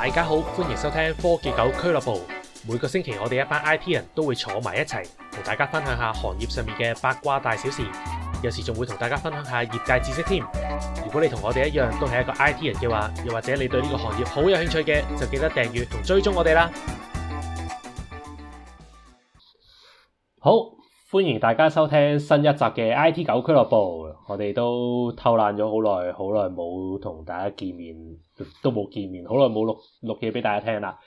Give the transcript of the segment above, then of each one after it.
大家好，歡迎收聽科技狗俱樂部。每個星期我哋一班 IT 人都會坐埋一齊，同大家分享下行業上面嘅八卦大小事，有時仲會同大家分享下業界知識添。如果你同我哋一樣都係一個 IT 人嘅話，又或者你對呢個行業好有興趣嘅，就記得訂閱同追蹤我哋啦。好，歡迎大家收聽新一集嘅 IT 狗俱樂部。我哋都偷懶咗好耐，好耐冇同大家見面。都冇見面，好耐冇錄錄嘢俾大家聽啦。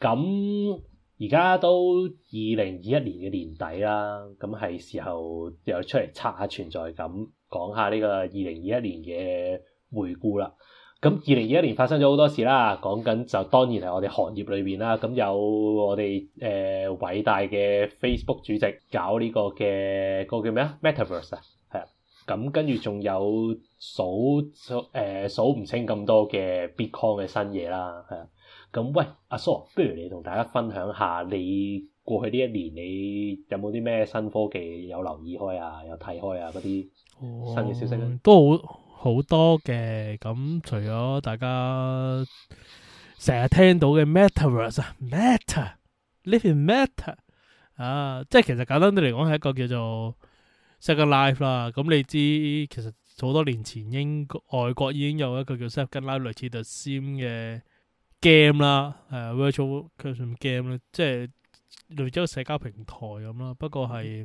咁而家都二零二一年嘅年底啦，咁係時候又出嚟刷下存在感，講下呢個二零二一年嘅回顧啦。咁二零二一年發生咗好多事啦，講緊就當然係我哋行業裏邊啦。咁有我哋誒偉大嘅 Facebook 主席搞呢個嘅個叫咩啊 Metaverse 啊。Met 咁跟住仲有數數誒數唔清咁多嘅 Bitcoin 嘅新嘢啦，係啊。咁、嗯、喂，阿蘇，不如你同大家分享下你過去呢一年你有冇啲咩新科技有留意開啊，有睇開啊嗰啲新嘅消息、哦、都好好多嘅。咁除咗大家成日聽到嘅 MetaVerse 啊，Meta，Living Meta 啊，即係其實簡單啲嚟講係一個叫做 Second Life 啦，咁你知，其實好多年前英國外國已經有一個叫 Second Life，類似 The 就 Sim 嘅 game 啦，係 Virtual Cushion Game 咧，即係類似個社交平台咁啦。不過係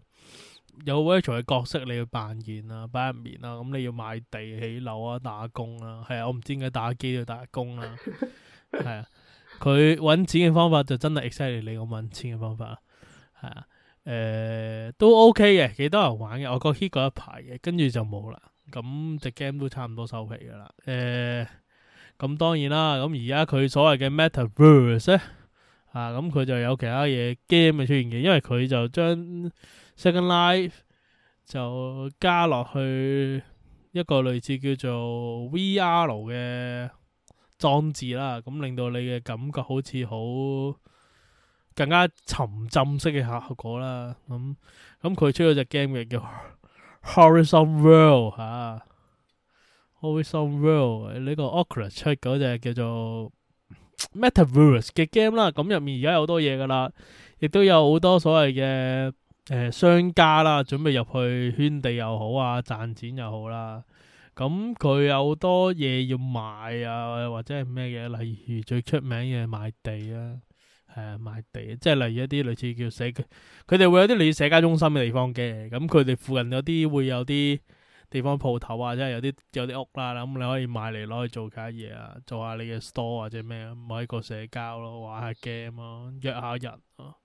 有 Virtual 嘅角色你要扮演啊，擺入面啊，咁你要買地起樓啊，打工啦，係啊，我唔知點解打機都要打工啦，係啊，佢搵錢嘅方法就真係 excite 你個搵錢嘅方法，係啊。誒、呃，都 OK 嘅，幾多人玩嘅，我覺得 hit 過一排嘅，跟住就冇啦。咁隻 game 都差唔多收皮噶啦。誒、呃，咁當然啦，咁而家佢所謂嘅 Metaverse 咧，啊，咁佢就有其他嘢 game 嘅出現嘅，因為佢就將 Second Life 就加落去一個類似叫做 VR 嘅裝置啦，咁令到你嘅感覺好似好。更加沉浸式嘅效果啦，咁咁佢出咗隻 game 嘅叫 Horizon World 啊，Horizon World 呢個 Oculus 出嗰隻叫做 Metaverse 嘅 game 啦，咁入面而家有好多嘢噶啦，亦都有好多所謂嘅誒商家啦，準備入去圈地又好啊，賺錢又好啦，咁佢有好多嘢要賣啊，或者係咩嘢，例如最出名嘅賣地啊。誒賣地，即係例如一啲類似叫社區，佢哋會有啲你社交中心嘅地方嘅，咁佢哋附近有啲會有啲地方鋪頭啊，即係有啲有啲屋啦、啊，咁你可以買嚟攞去做其他嘢啊，做下你嘅 store 或者咩，開個社交咯，玩下 game 咯、啊，約下人啊，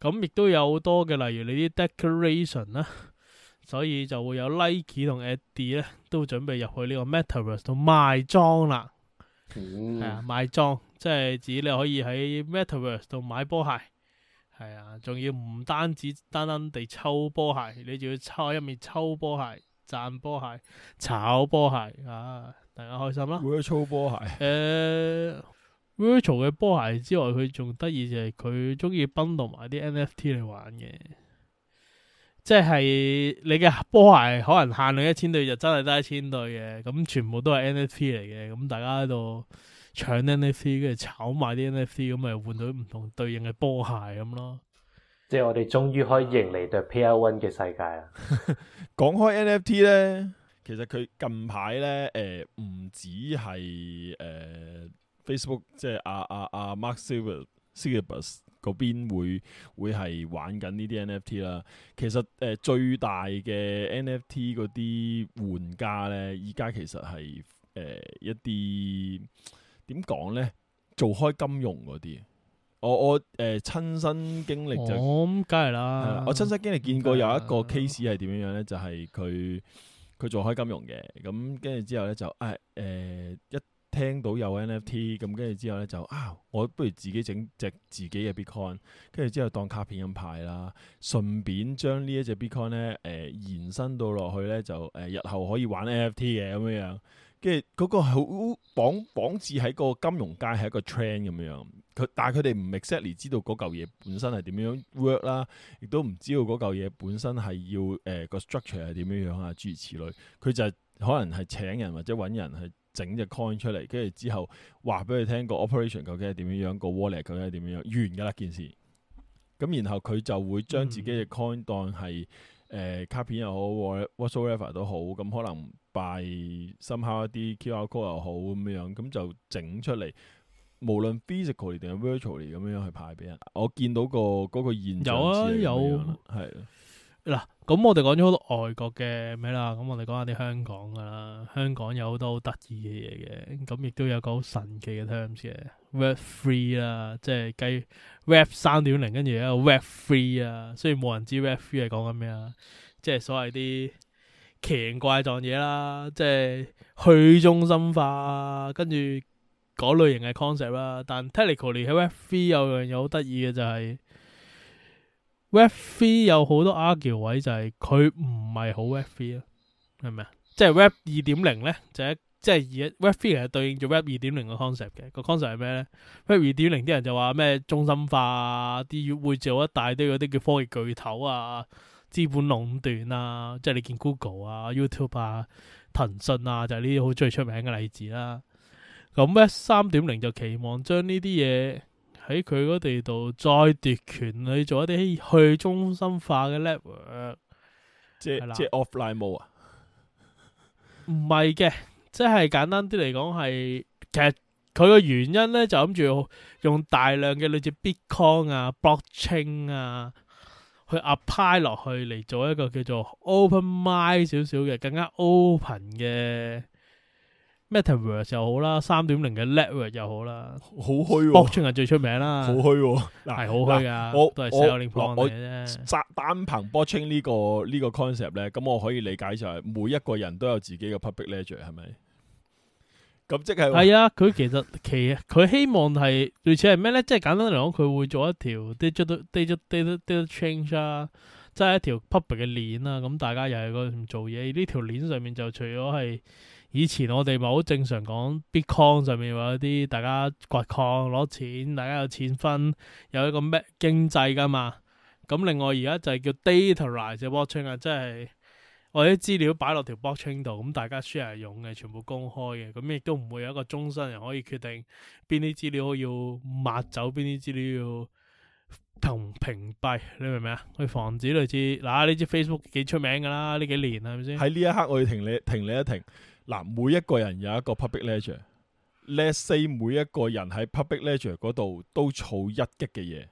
咁亦都有好多嘅，例如你啲 decoration 啦、啊，所以就會有 Nike 同 Adidas 都準備入去呢個 Metaverse 度賣裝啦。係、嗯、啊，買裝即係指你可以喺 Metaverse 度買波鞋，係啊，仲要唔單止單單地抽波鞋，你仲要抽一面抽波鞋、賺波鞋、炒波鞋啊！大家開心啦。Virtual 抽波鞋，誒、uh，Virtual 嘅波鞋之外，佢仲得意就係佢中意 bundle 埋啲 NFT 嚟玩嘅。即係你嘅波鞋可能限量一千對就真係得一千對嘅，咁全部都係 NFT 嚟嘅，咁大家喺度搶 NFT，跟住炒埋啲 NFT，咁咪換到唔同對應嘅波鞋咁咯。即係我哋終於可以迎嚟對 Pair One 嘅世界啊！ 講開 NFT 咧，其實佢近排咧，誒唔止係誒 Facebook，即係阿阿阿 Mark Silver 嗰邊會會係玩緊呢啲 NFT 啦，其實誒、呃、最大嘅 NFT 嗰啲玩家咧，而家其實係誒、呃、一啲點講咧，做開金融嗰啲。我我誒、呃、親身經歷就咁，梗係啦。我親身經歷見過有一個 case 係點樣咧，就係佢佢做開金融嘅，咁跟住之後咧就誒誒、啊呃、一。聽到有 NFT 咁，跟住之後咧就啊，我不如自己整隻自己嘅 Bitcoin，跟住之後當卡片咁派啦，順便將呢一隻 Bitcoin 咧、呃、誒延伸到落去咧就誒、呃、日後可以玩 NFT 嘅咁樣樣，跟住嗰個好綁綁住喺個金融界係一個 trend 咁樣，佢但係佢哋唔 exactly 知道嗰嚿嘢本身係點樣 work 啦，亦都唔知道嗰嚿嘢本身係要誒、呃、個 structure 係點樣樣啊諸如此類，佢就係可能係請人或者揾人去。整隻 coin 出嚟，跟住之後話俾佢聽個 operation 究竟係點樣樣，個 wallet 究竟係點樣樣，完㗎啦件事。咁然後佢就會將自己嘅 coin 當係誒卡片又好，whatever 都好，咁可能拜 somehow 一啲 QR code 又好咁樣，咁就整出嚟，無論 physically 定係 virtually 咁樣去派俾人。我見到個嗰個現象有啊，有嗱，咁、啊、我哋講咗好多外國嘅咩啦，咁我哋講下啲香港噶啦。香港有好多好得意嘅嘢嘅，咁亦都有個好神奇嘅 terms 嘅 Web Three 啦，即係計 Web 三點零，跟住一個 Web Three 啊。雖然冇人知 Web Three 係講緊咩啊，即係所謂啲奇形怪狀嘢啦，即係去中心化，跟住嗰類型嘅 concept 啦。但 technically 喺 Web Three 有樣嘢好得意嘅就係、是。Web three 有好多 argue 位就係佢唔係好 Web three 啊，係咪啊？即係 Web 二點零咧，就一即係二 Web three 其實對應咗 Web 二點零嘅 concept 嘅。個 concept 係咩咧？Web 二點零啲人就話咩中心化啊，啲會做一大堆嗰啲叫科技巨頭啊、資本壟斷啊，即係你見 Google 啊、YouTube 啊、騰訊啊，就係呢啲好最出名嘅例子啦、啊。咁 Web 三點零就期望將呢啲嘢。喺佢嗰地度再奪權，去做一啲去中心化嘅 level，即係對了 即係 offline 冇啊？唔係嘅，即係簡單啲嚟講係，其實佢個原因咧就諗住用大量嘅類似 Bitcoin 啊、Blockchain 啊去 apply 落去嚟做一個叫做 Open Mind 少少嘅更加 open 嘅。Metaverse 又好啦，三點零嘅 Layer 又好啦，好虛啊。Blockchain 係最出名啦，好虛嗱，係好虛㗎，都係 selling point 嘅啫。單憑 Blockchain 呢個呢、呢個 concept 咧，咁我可以理解就係每一個人都有自己嘅 public ledger 係咪？咁即係係啊，佢其實其佢希望係，類似係咩咧？即係簡單嚟講，佢會做一條 data to data change 啊，即係一條 public 嘅鏈啊。咁大家又係嗰度做嘢，呢條鏈上面就除咗係。以前我哋咪好正常講 Bitcoin 上面話有啲大家掘礦攞錢，大家有錢分，有一個咩經濟㗎嘛？咁另外而家就係叫 Data Right 嘅 Blockchain，即係我啲資料擺落條 Blockchain 度，咁大家 share 用嘅，全部公開嘅，咁亦都唔會有一個終身人可以決定邊啲資料要抹走，邊啲資料要同屏蔽。你明唔明啊？去防止類似嗱呢、啊、支 Facebook 幾出名㗎啦，呢幾年係咪先？喺呢一刻我要停你停你一停。嗱，每一個人有一個 public ledger，let's say 每一個人喺 public ledger 嗰度，都儲一擊嘅嘢，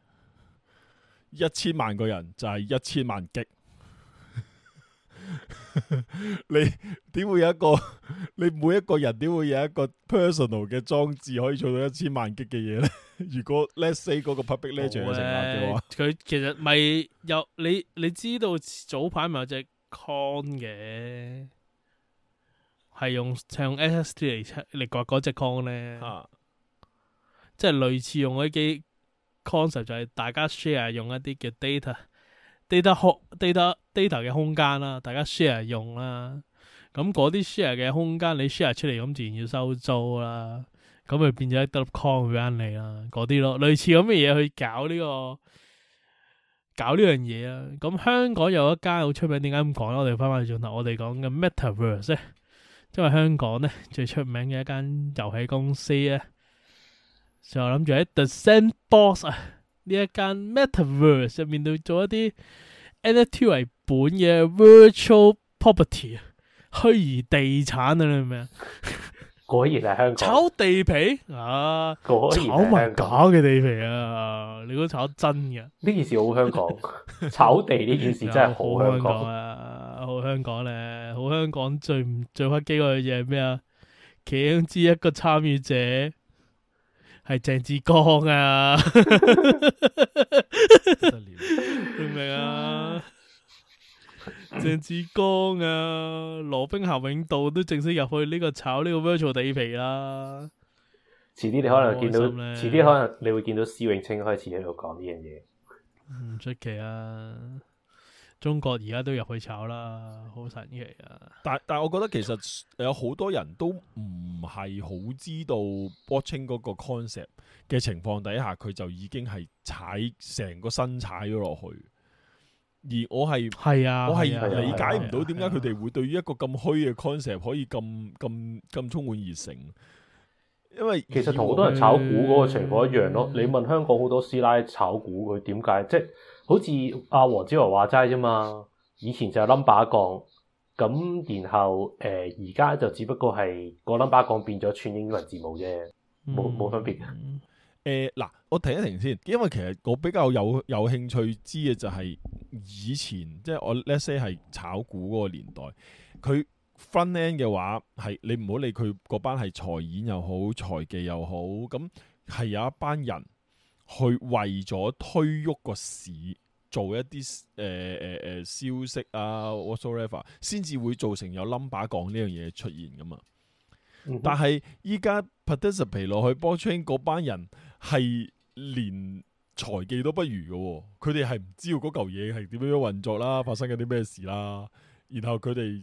一千萬個人就係一千萬擊。你點會有一個？你每一個人點會有一個 personal 嘅裝置可以做到一千萬擊嘅嘢咧？如果 let's say 嗰個 public ledger 嘅話，佢其實咪有 你？你知道早排咪有隻 con 嘅？嗯係用，係 s s d 嚟嚟割嗰 Con 咧，即係類似用嗰啲 concept 就係大家 share 用一啲叫 data，data data 空 data data 嘅空間啦，大家 share 用啦。咁嗰啲 share 嘅空間你 share 出嚟，咁自然要收租啦。咁咪變咗一粒礦俾翻你啦。嗰啲咯，類似咁嘅嘢去搞呢、呢個搞呢樣嘢啦。咁香港有一間好出名，點解咁講咧？我哋翻返轉頭，我哋講嘅 metaverse。即係香港咧，最出名嘅一間遊戲公司咧，就諗住喺 The Sandbox 啊，呢一間 Metaverse 上面度做一啲 NFT 為本嘅 Virtual Property 啊，虛擬地產啊你明唔明啊？果然係香港炒地皮啊！果然香港炒埋假嘅地皮啊！你估炒真嘅呢件事好香港， 炒地呢件事真係、啊、好香港啊！好香港咧、啊啊，好香港最唔最屈機嘅嘢係咩啊？其中之一個參與者係鄭志剛啊！不得了，明唔明啊？鄭志剛啊，羅兵咸永道都正式入去呢個炒呢個 virtual 地皮啦。遲啲你可能會見到，遲啲可能你會見到施永青開始喺度講呢樣嘢。唔出奇啊！中國而家都入去炒啦，好神奇啊！但但我覺得其實有好多人都唔係好知道 botching 嗰個 concept 嘅情況底下，佢就已經係踩成個身踩咗落去。而我係係啊，我係理解唔到點解佢哋會對於一個咁虛嘅 concept 可以咁咁咁充滿熱誠。因為，為其實同好多人炒股嗰個情況一樣咯。嗯、你問香港好多師奶炒股佢點解？即係好似阿黃子華話齋啫嘛。以前就係 number 降，咁然後誒而家就只不過係個 number 降變咗串英文字母啫，冇冇、嗯、分別。嗯誒，嗱，uh，我停一停先，因為其實我比較有有興趣知嘅就係以前，即係我 let's say，係炒股嗰個年代，佢 fun end 嘅話係你唔好理佢嗰班係財演又好，財技又好，咁係有一班人去為咗推喐個市，做一啲誒誒誒消息啊，whatever，先至會造成有 number 講呢樣嘢出現噶嘛。Uh huh. 但係依家 participate 落去 bot trading 嗰班人。係連財技都不如嘅，哦，佢哋係唔知道嗰嚿嘢係點樣運作啦，發生緊啲咩事啦。然後佢哋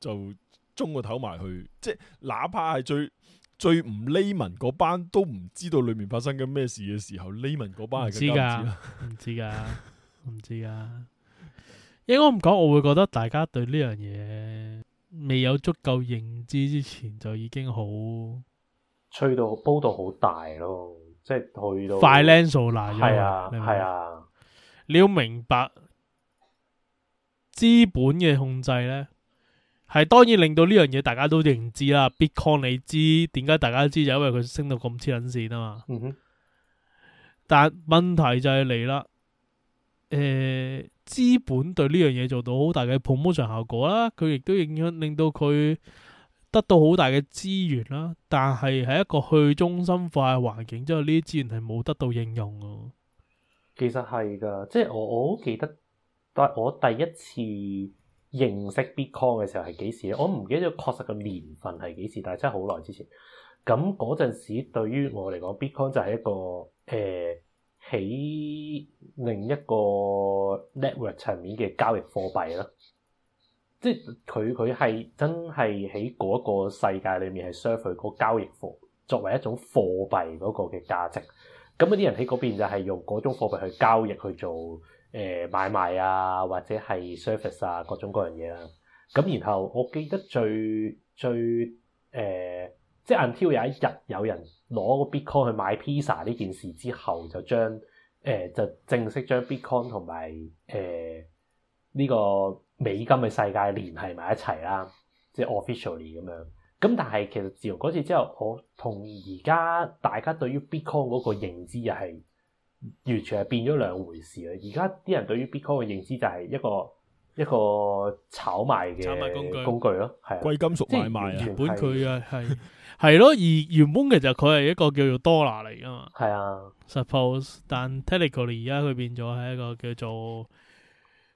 就中個頭埋去，即係哪怕係最最唔匿聞嗰班都唔知道裏面發生緊咩事嘅時候，匿聞嗰班係咁樣。唔知噶，唔 知噶，唔知噶。 應該唔講，我會覺得大家對呢樣嘢未有足夠認知之前，就已經好吹到煲到好大咯。即係去到 financial 啦，係啊，係啊，你要明白資本嘅控制咧，係當然令到呢樣嘢大家都認知啦。Bitcoin 你知，點解大家都知就因為佢升到咁黐撚線啊嘛。嗯、哼但問題就係嚟啦，誒、呃，資本對呢樣嘢做到好大嘅 promotion 效果啦，佢亦都影響令到佢。得到好大嘅資源啦，但係喺一個去中心化嘅環境之後，呢啲資源係冇得到應用嘅。其實係㗎，即係我我好記得，但係我第一次認識 Bitcoin 嘅時候係幾時咧？我唔記得確實個年份係幾時，但係真係好耐之前。咁嗰陣時對於我嚟講，Bitcoin 就係一個誒喺、呃、另一個 network 層面嘅交易貨幣啦。即係佢佢係真係喺嗰個世界裏面係 serve 佢嗰個交易貨作為一種貨幣嗰個嘅價值，咁嗰啲人喺嗰邊就係用嗰種貨幣去交易去做誒、呃、買賣啊，或者係 service 啊各種各樣嘢啦、啊。咁然後我記得最最誒、呃，即係 until 有一日有人攞個 Bitcoin 去買 pizza 呢件事之後就將，就將誒就正式將 Bitcoin 同埋誒、呃、呢、這個。美金嘅世界聯繫埋一齊啦，即係 officially 咁樣。咁但係其實自從嗰次之後，我同而家大家對於 Bitcoin 嗰個認知又係完全係變咗兩回事啦。而家啲人對於 Bitcoin 嘅認知就係一個一個炒賣嘅工具，炒賣工具咯，係貴金屬買賣啊。原本佢係係係咯，而原本其實佢係一個叫做 Dollar 嚟噶嘛。係啊，Suppose，但 Technically 而家佢變咗係一個叫做。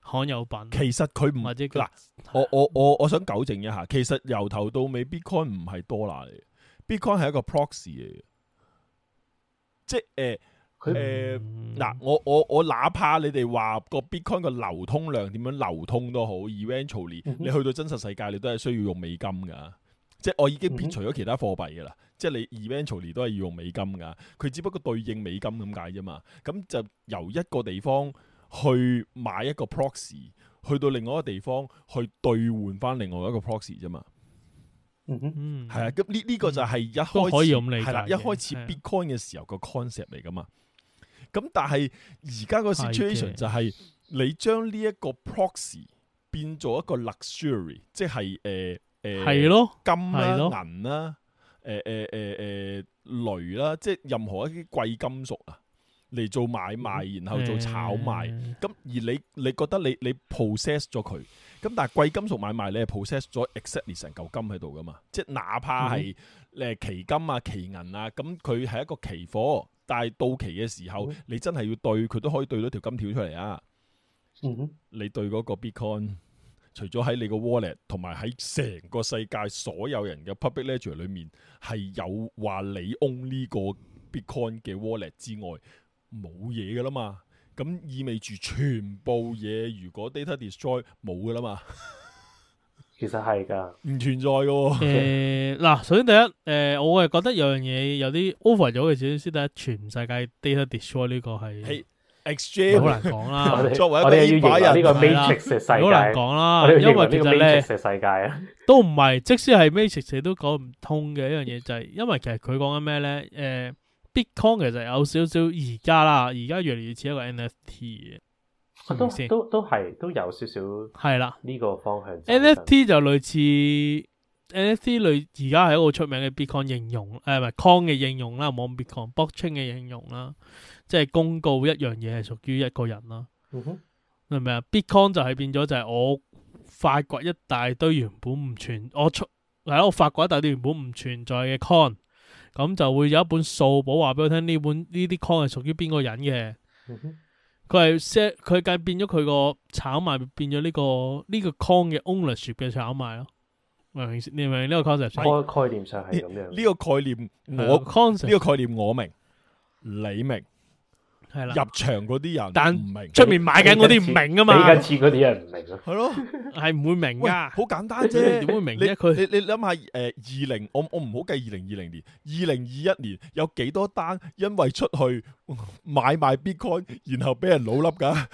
罕有品，其實佢唔係，嗱，我我我我想糾正一下，其實由頭到尾，Bitcoin 唔係 dollar 嚟嘅，Bitcoin 係一個 proxy 嘅，即係誒誒嗱，我我我哪怕你哋話個 Bitcoin 個流通量點樣流通都好，eventually 你去到真實世界，你都係需要用美金㗎，即係我已經撇除咗其他貨幣㗎喇，嗯、哼即係你 eventually 都係要用美金㗎，佢只不過對應美金咁解啫嘛，咁就由一個地方。去買一個 proxy，去到另外一個地方去兌換翻另外一個 proxy 啫嘛。嗯嗯嗯，係啊，咁呢呢個就係一開可以咁理解，係啦，一開始，始 bitcoin 嘅時候個 concept 嚟噶嘛。咁的但係而家個 situation 就係你將呢一個 proxy 變做一個 luxury，即係誒誒，係、呃、咯，呃、的金啦銀啦，誒誒誒誒鐳啦，即係任何一啲貴金屬啊。嚟做買賣，然後做炒賣。咁、mm hmm. 而你，你覺得你你 possess 咗佢？咁但係貴金屬買賣，你係 possess 咗 exactly 成嚿金喺度㗎嘛？即哪怕係誒、mm hmm. 期金啊、期銀啊，咁佢係一個期貨，但係到期嘅時候，mm hmm. 你真係要對佢都可以對到條金條出嚟啊。Mm hmm. 你對嗰個 Bitcoin，除咗喺你個 wallet 同埋喺成個世界所有人嘅 public ledger 裏面係有話你 own 呢個 Bitcoin 嘅 wallet 之外。冇嘢噶啦嘛，咁意味住全部嘢如果 data destroy 冇噶啦嘛，其實係噶，唔存在噶。誒，嗱，首先第一，誒，我係覺得有樣嘢有啲 over 咗嘅，首先先睇下全世界 data destroy 呢個係係 exactly 好難講啦。作為一個人呢個 matrix 嘅世界好難講啦，因為其實咧？世界都唔係，即使係 matrix 都講唔通嘅一樣嘢，就係因為其實佢講緊咩咧？誒。Bitcoin 其實有少少而家啦，而家越嚟越似一個 NFT 嘅、啊，都都都係都有少少係啦呢個方向係啦。NFT 就類似 NFT 類，而家係一個出名嘅 Bitcoin 應用，誒唔係 Coin 嘅應用啦，冇 Bitcoin Blockchain 嘅應用啦，即、就、係、係、公告一樣嘢係屬於一個人啦。明唔明啊？Bitcoin 就係變咗就係我發掘一大堆原本唔存，我出係啊，我發掘一大堆原本唔存在嘅 Coin。咁、嗯、就會有一本數簿話俾我聽呢本呢啲 con 係屬於邊個人嘅？佢係 set 佢計，變咗佢個炒賣變咗呢、呢個呢、呢個 con 嘅 ownership 嘅炒賣咯。明唔明？呢個 concept 概念上係咁樣、欸。呢、呢個概念、嗯、我 concept 呢、啊、個概念我明，嗯、你明。係啦，入場嗰啲人，但唔明出面買緊嗰啲唔明啊嘛，幾斤錢嗰啲人唔明啊，係咯，係唔會明噶，好簡單啫，點會明啫？佢你你諗下誒，二零我我唔好計二零二零年，二零二一年有幾多單因為出去買賣 Bitcoin，然後俾人老笠噶？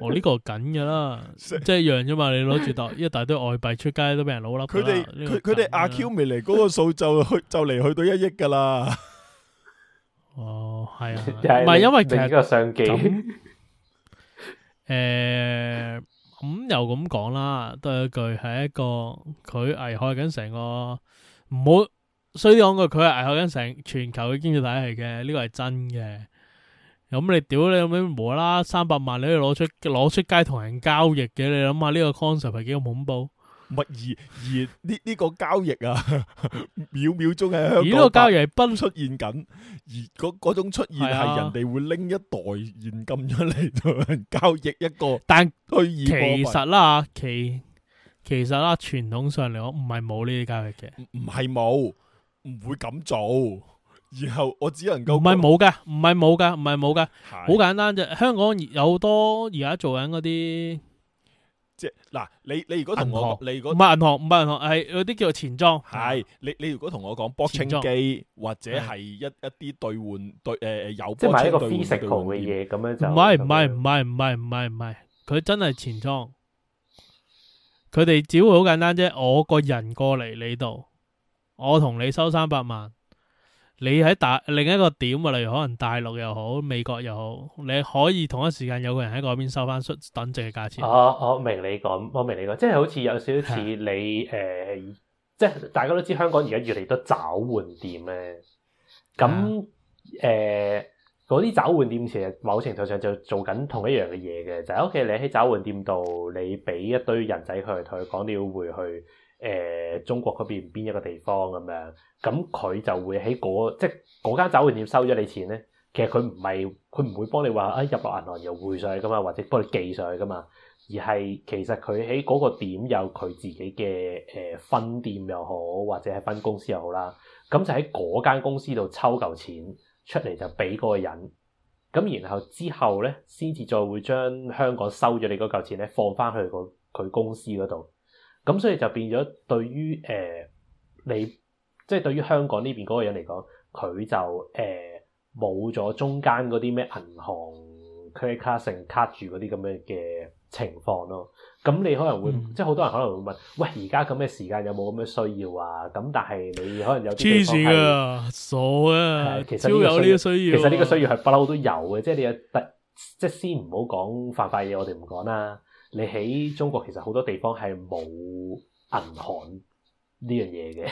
哦，呢個緊噶啦，即係一樣啫嘛，你攞住大一大堆外幣出街都俾人老笠。佢哋佢佢哋阿 Q 未嚟嗰個數就去就嚟去到一億噶啦。哦，係啊，唔係因為其實個相機樣，誒、 欸，咁又咁講啦，都係一句係一個佢危害緊成個，唔好衰講句，佢係危害緊成全球嘅經濟體系嘅，呢個係真嘅。咁你屌你咁樣無啦啦三百萬你可以，你都攞出攞出街同人交易嘅，你諗下呢個 concept 係幾咁恐怖？唔係而而呢呢個交易啊，秒秒鐘喺香港呢個交易係不出現緊，而嗰嗰種出現係人哋會拎一袋現金出嚟同人交易一個，但佢而。其實啦，其其實啦，傳統上嚟講唔係冇呢啲交易嘅，唔係冇，唔會咁做，然後我只能夠唔係冇㗎，唔係冇㗎，唔係冇㗎，好簡單啫。香港有好多而家做緊嗰啲。即係嗱，你你如果同我，你嗰唔係銀行，唔係銀行係有啲叫做錢莊，係你你如果同我講 boxing 機或者係一一啲兌換兌誒有即係買一個 free circle 嘅嘢，咁樣就唔係唔係唔係唔係唔係唔係，佢真係錢莊，佢哋只會好簡單啫。我個人過嚟你度，我同你收三百萬。你喺大另一個點啊，例如可能大陸又好、美國又好，你可以同一時間有個人喺嗰邊收翻出等值嘅價錢。哦，我明你講，我明你講，即係好似有少少似你誒的、呃，即係大家都知香港而家越嚟越多找換店咧。咁誒，嗰啲找換店其實某程度上就做緊同一樣嘅嘢嘅，就係、是、OK，你喺找換店度，你俾一堆人仔佢，佢講你要回去。誒、呃，中國嗰邊邊一個地方咁樣，咁佢就會喺嗰即係嗰間酒店收咗你錢咧。其實佢唔係，佢唔會幫你話啊入落銀行又匯上去噶嘛，或者幫你寄上去噶嘛。而係其實佢喺嗰個點有佢自己嘅誒、呃、分店又好，或者係分公司又好啦。咁就喺嗰間公司度抽嚿錢出嚟就俾嗰個人。咁然後之後咧，先至再會將香港收咗你嗰嚿錢咧放翻去佢公司嗰度。咁所以就變咗，對於誒、呃、你，即、就、係、是、對於香港呢邊嗰個人嚟講，佢就誒冇咗中間嗰啲咩銀行 credit card 成卡住嗰啲咁樣嘅情況咯。咁你可能會，即係好多人可能會問：喂，而家咁嘅時間有冇咁嘅需要啊？咁但係你可能有黐線㗎，傻啊！都有呢個需要，需要啊、其實呢個需要係不嬲都有嘅，即、就、係、是、你有即係先唔好講犯法嘢，我哋唔講啦。你喺中國其實好多地方係冇銀行呢樣嘢嘅。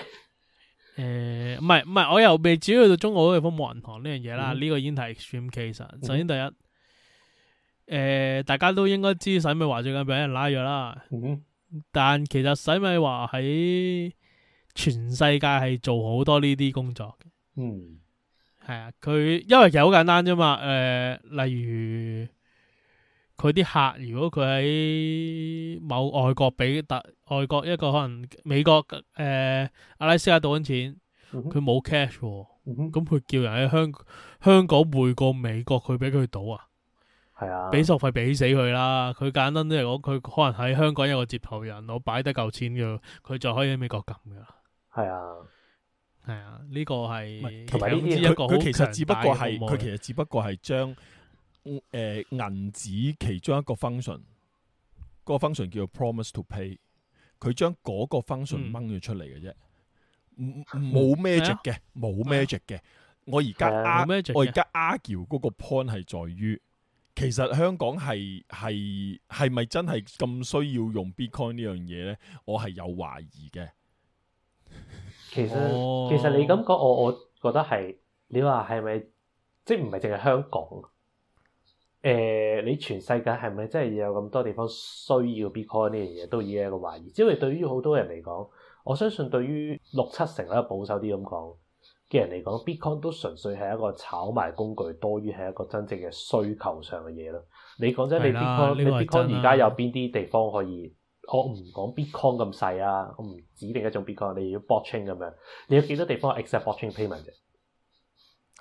誒，唔係唔係，我又未至於去到中國嗰地方冇銀行呢樣嘢啦。呢、嗯、個已經係 extreme case 啦。首先第一，誒、嗯呃，大家都應該知，洗米華最近俾人拉咗啦。嗯、但其實洗米華喺全世界係做好多呢啲工作嘅。嗯。係啊，佢因為其實好簡單啫嘛。誒、呃，例如。佢啲客如果佢喺某外國俾特外國一個可能美國誒、呃、阿拉斯加度賭錢，佢冇 cash 喎，咁佢叫人喺香香港匯過美國佢俾佢賭啊，係是啊，俾索費俾死佢啦！佢簡單啲嚟講，佢可能喺香港有個接頭人，我擺得夠錢嘅，佢就可以喺美國撳㗎啦。係啊，係啊，呢個係佢其，其實只不過係佢其實只不過係將。誒，銀紙、呃、其中一個 function，嗰、嗰個 function 叫做 Promise to Pay，佢將嗰個 function 掹咗出嚟嘅啫，冇 magic 嘅，冇 magic 嘅。我而家、啊、我而家 argue 嗰個 point 係在於，其實香港係係係咪真係咁需要用 Bitcoin 呢樣嘢咧？我係有懷疑嘅。 其實其實你咁講，我我覺得係你話係咪即係唔係淨係香港？誒，你全世界係咪真係有咁多地方需要 Bitcoin 呢樣嘢，都已經係一個懷疑。只係對於好多人嚟講，我相信對於六七成啦，保守啲咁講嘅人嚟講，Bitcoin 都純粹係一個炒賣工具，多於係一個真正嘅需求上嘅嘢咯。你講真，的你 Bitcoin，你 Bitcoin 而家有邊啲地方可以？我唔講 Bitcoin 咁細啊，我唔指定一種 Bitcoin。你要 Blockchain 咁樣，你要幾多地方 accept Blockchain payment？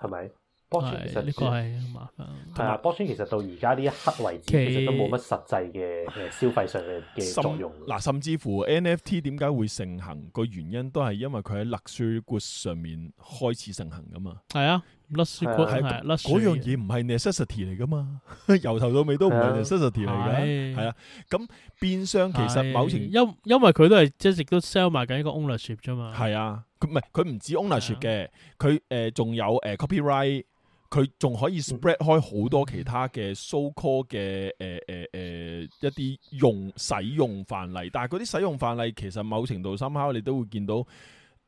係咪？波川其實呢個係嘛？係啊，波川其實到而家呢一刻為止，其實都冇乜實際嘅誒消費上嘅嘅作用。嗱，甚至乎 NFT 點解會盛行？個原因都係因為佢喺 NFT Goods 上面開始盛行噶嘛。係啊。嗰樣嘢唔係 necessity 嚟噶嘛，由頭到尾都唔係 necessity 嚟嘅。係啊。咁變相其實某程度因因為佢都係一直都 sell 埋緊一個 ownership 啫嘛。係啊，佢唔係，佢唔止 ownership 嘅，佢誒仲有誒 copyright，佢仲可以 spread 開好多其他嘅 so call 嘅誒誒誒一啲用使用範例，但係嗰啲使用範例其實某程度深刻，你都會見到。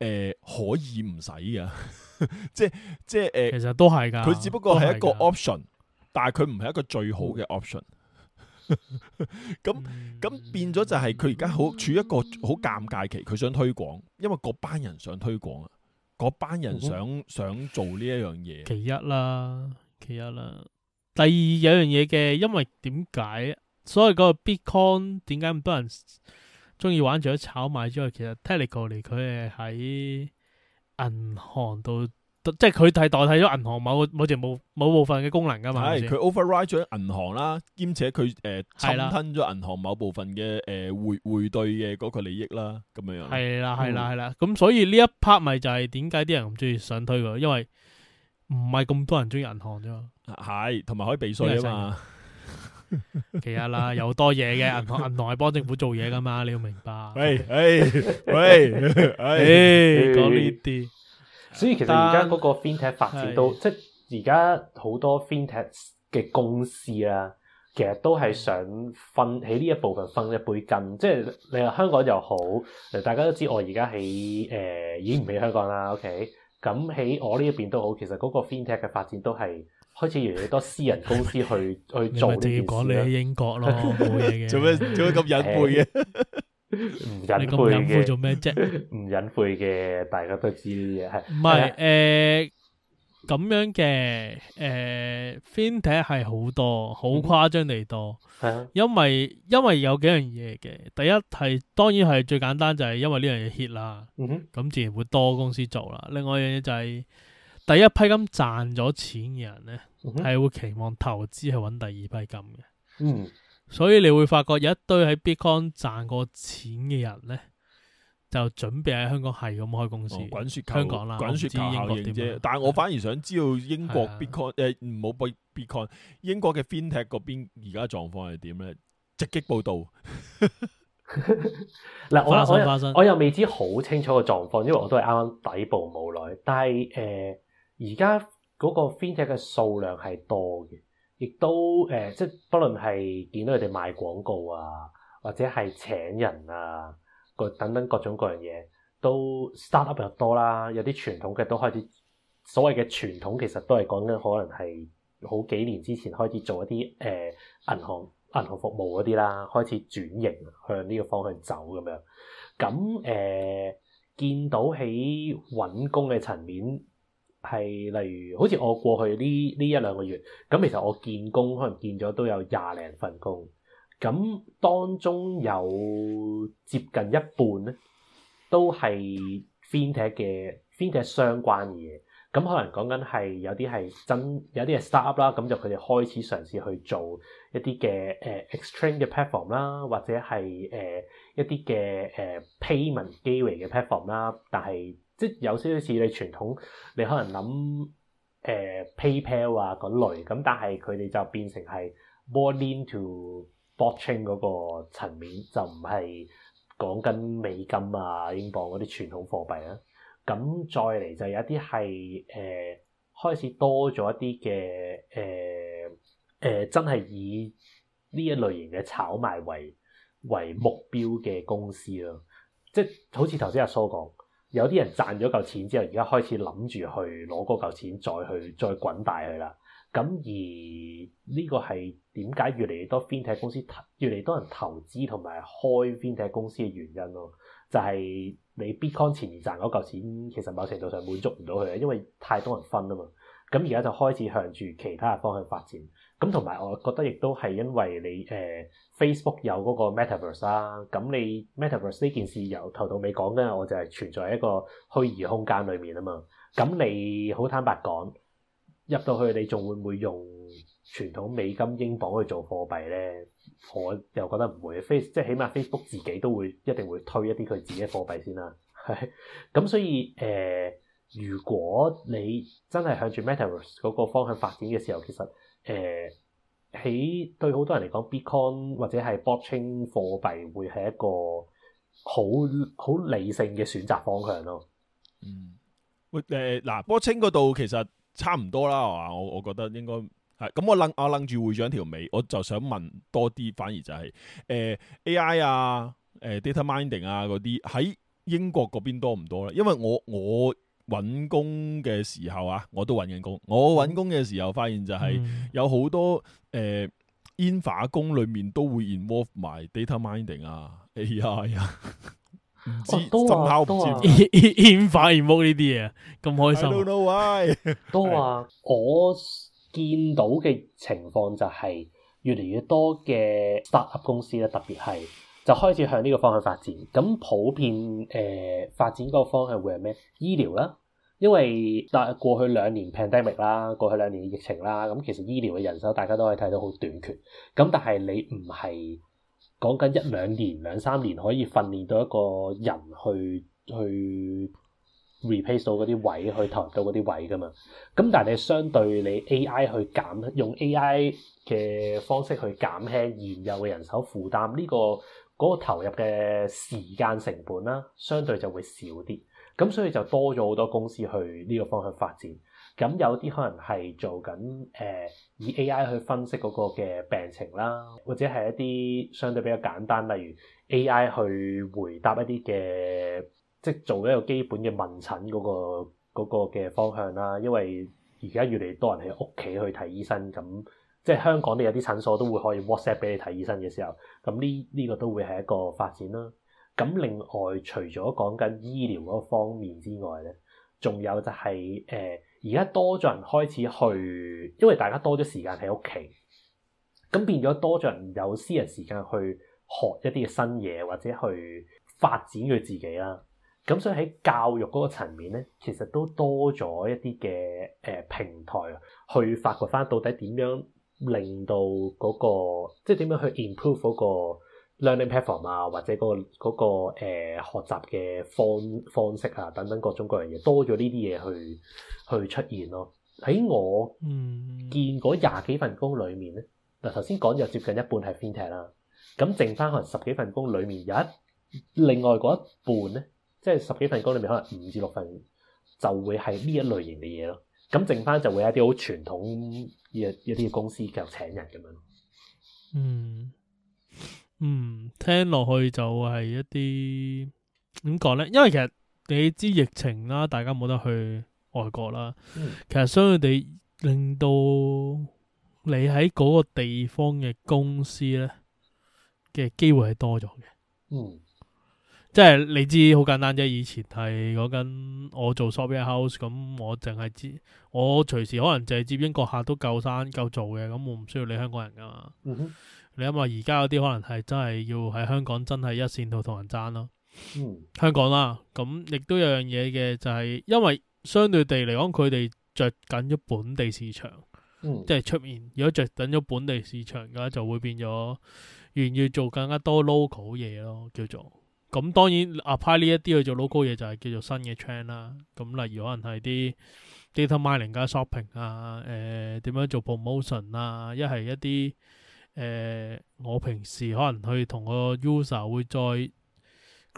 誒、呃，可以唔使噶，即係即係誒，呃、其實都係噶，佢只不過係一個 option，但係佢唔係一個最好嘅 option。 咁咁變咗就係佢而家好處於一個好尷尬期，佢想推廣，因為嗰班人想推廣啊，嗰班人想的想做呢一樣嘢。其一啦，其一啦，第二有樣嘢嘅，因為點解？所以嗰個 Bitcoin 點解咁多人？中意玩咗炒買之外，其實 technical 嚟佢係喺銀行度，即係佢係代替咗銀行某某某部分嘅功能㗎嘛。係佢對吧 override 咗銀行啦，兼且佢誒侵吞咗銀行某部分嘅誒、呃、匯匯兌嘅嗰個利益啦。咁樣樣係啦，係啦了，係啦、嗯。咁所以呢一 part 咪就係點解啲人唔中意上推佢，因為唔係咁多人中意銀行啫嘛。係，同埋可以避稅啊嘛。其實啦，有多嘢嘅，銀行銀行係幫政府做嘢噶嘛，你要明白。喂，誒的，喂，誒， 講呢啲，所以其實而家嗰個 fintech 發展都，是的 即係而家好多 fintech 嘅公司啊，其實都係想分喺呢一部分分一杯羹。即係你話香港又好，大家都知我而家喺誒已經唔喺香港啦。OK，咁喺我呢一邊都好，其實嗰個 fintech 嘅發展都係。開始越嚟越多私人公司去去做呢件事，你咪淨係講你喺英國咯，做咩做咩咁隱晦嘅？唔、欸、 隱晦做咩啫？唔 隱晦嘅， 大家都知呢啲嘢。唔係誒咁樣嘅誒 FinTech 係好多，好誇張地多。係啊、嗯哼，因為因為有幾樣嘢嘅。第一係當然係最簡單，就係因為呢樣嘢 hit 啦。嗯咁哼自然會多公司做啦。另外一樣嘢就係、是、第一批咁賺咗錢嘅人咧。係會期望投資去揾第二批金嘅，嗯，所以你會發覺有一堆喺 Bitcoin 賺過錢嘅人咧，就準備喺香港係咁開公司香、嗯，滾雪香港啦，滾雪球效應啫。但係我反而想知道英國 Bitcoin 誒，唔好 Bitcoin，英國嘅 Fintech 嗰邊而家狀況係點咧？直擊報道。嗱， 我身，我又未知好清楚嘅狀況，因為我都係啱啱底部冇耐，但係誒而家。呃嗰個 fintech 嘅數量係多嘅，亦都誒、呃，即係不論係見到佢哋賣廣告啊，或者係請人啊，個等等各種各樣嘢都 startup 又多啦，有啲傳統嘅都開始所謂嘅傳統，其實都係講緊可能係好幾年之前開始做一啲誒、呃、銀行銀行服務嗰啲啦，開始轉型向呢個方向走咁樣。咁誒、呃，見到喺搵工嘅層面。係，是例如好似我過去呢呢一兩個月，咁其實我見工可能見咗都有廿零份工，咁當中有接近一半咧，都係 Fintech 嘅 Fintech 相關嘅嘢，咁可能講緊係有啲係真有啲係 startup 啦，咁就佢哋開始嘗試去做一啲嘅 extreme 嘅 platform 啦，或者係一啲嘅 payment gateway 嘅 platform 啦，但係，即係有少少似你傳統，你可能諗誒、呃、PayPal 啊嗰類咁，但係佢哋就變成係 more into blockchain 嗰個層面，就唔係講緊美金啊、英鎊嗰啲傳統貨幣啊。咁再嚟就有一啲係誒開始多咗一啲嘅誒誒，真係以呢一類型嘅炒賣為為目標嘅公司咯。即係好似頭先阿蘇講。有啲人賺咗嚿錢之後，而家開始諗住去攞嗰嚿錢，再去再滾大佢啦。咁而呢個係點解越嚟越多 Fintech 公司越嚟多人投資同埋開 Fintech 公司嘅原因咯。就係你 Bitcoin 前年賺嗰嚿錢，其實某程度上滿足唔到佢，因為太多人分啊嘛。咁而家就開始向住其他嘅方向發展。咁同埋，我覺得亦都係因為你誒 Facebook 有嗰個 Metaverse 啦、啊。咁你 Metaverse 呢件事由頭到尾講緊，我就係存在一個虛擬空間裏面啊嘛。咁你好坦白講，入到去你仲會唔會用傳統美金、英鎊去做貨幣咧？我又覺得唔會。Face 即係起碼 Facebook 自己都會一定會推一啲佢自己嘅貨幣先啦。咁所以、呃、如果你真係向住 Metaverse 嗰個方向發展嘅時候，其實誒喺、呃、對好多人嚟講，Bitcoin 或者係 Blockchain 貨幣會係一個好好理性嘅選擇方向咯、啊。嗯，喂、呃、嗱 Blockchain 嗰度其實差唔多啦，係嘛？我我覺得應該係。咁、嗯、我楞我楞住會長條尾，我就想問多啲，反而就係、是呃、AI 啊、呃、Data Mining 啊嗰啲喺英國嗰邊多唔多咧？因為我我揾工嘅時候啊，我都揾緊工。我揾工嘅時候發現就係有好多誒，煙化工裏面都會 involve 埋 data mining 啊，AI 啊，都深知深口唔知 employ 呢啲嘢，咁開心。都都話，都話我見到嘅情況就係越嚟越多嘅 startup 公司咧，特別係就開始向呢個方向發展。咁普遍誒、呃，發展嗰個方向會係咩？醫療啦。因為但係過去兩年 pandemic 啦，過去兩年嘅疫情啦，咁其實醫療嘅人手大家都可以睇到好短缺。咁但係你唔係講緊一兩年、兩三年可以訓練到一個人去去 replace 到嗰啲位，去投入到嗰啲位噶嘛？咁但係你相對你 AI 去減用 AI 嘅方式去減輕現有嘅人手負擔，呢個嗰個投入嘅時間成本啦，相對就會少啲。咁所以就多咗好多公司去呢個方向發展。咁有啲可能係做緊誒、呃、以 AI 去分析嗰個嘅病情啦，或者係一啲相對比較簡單，例如 AI 去回答一啲嘅，即係做一個基本嘅問診嗰、嗰個嗰嘅、嗰個、方向啦。因為而家越嚟越多人喺屋企去睇醫生，咁即係香港都有啲診所都會可以 WhatsApp 俾你睇醫生嘅時候，咁呢呢個都會係一個發展啦。咁另外，除咗講緊醫療嗰方面之外咧，仲有就係呃，而家多咗人開始去，因為大家多咗時間喺屋企，咁變咗多咗人有私人時間去學一啲嘅新嘢，或者去發展佢自己啦。咁所以喺教育嗰個層面咧，其實都多咗一啲嘅、呃、平台，去發掘返到底點樣令到嗰個，即係點樣去 improve 嗰個。learning platform 啊，或者嗰、那個嗰、那個誒、呃、學習嘅方方式啊，等等各種各樣嘢，多咗呢啲嘢去去出現咯。喺我見嗰廿幾份工裏面咧，嗱頭先講就接近一半係 Fintech 啦，咁剩翻可能十幾份工裏面有一另外嗰一半咧，即係十幾份工裏面可能五至六份就會係呢一類型嘅嘢咯。咁剩翻就會有一啲好傳統嘅一啲公司繼續請人咁樣。嗯。嗯，聽落去就係一啲點講呢？因為其實你知疫情啦，大家冇得去外國啦，嗯、其實相對地令到你喺嗰個地方嘅公司呢，嘅機會係多咗嘅。嗯。即係你知好簡單啫。以前係講緊我做 software house，咁我淨係知我隨時可能就係接英國客都夠生夠做嘅，咁我唔需要理香港人噶嘛。嗯、哼你諗下而家嗰啲可能係真係要喺香港真係一線度同人爭咯。嗯、香港啦，咁亦都有樣嘢嘅，就係、是、因為相對地嚟講，佢哋着緊咗本地市場，嗯、即係出面。如果着緊咗本地市場嘅話，就會變咗，願意做更加多 local 嘢咯，叫做。咁當然 apply 呢一啲去做 local 嘢就係叫做新嘅 chain 啦。咁例如可能係啲 data mining 加 shopping 啊，呃，點樣做 promotion 啊，一係一啲我平時可能去同個 user 會再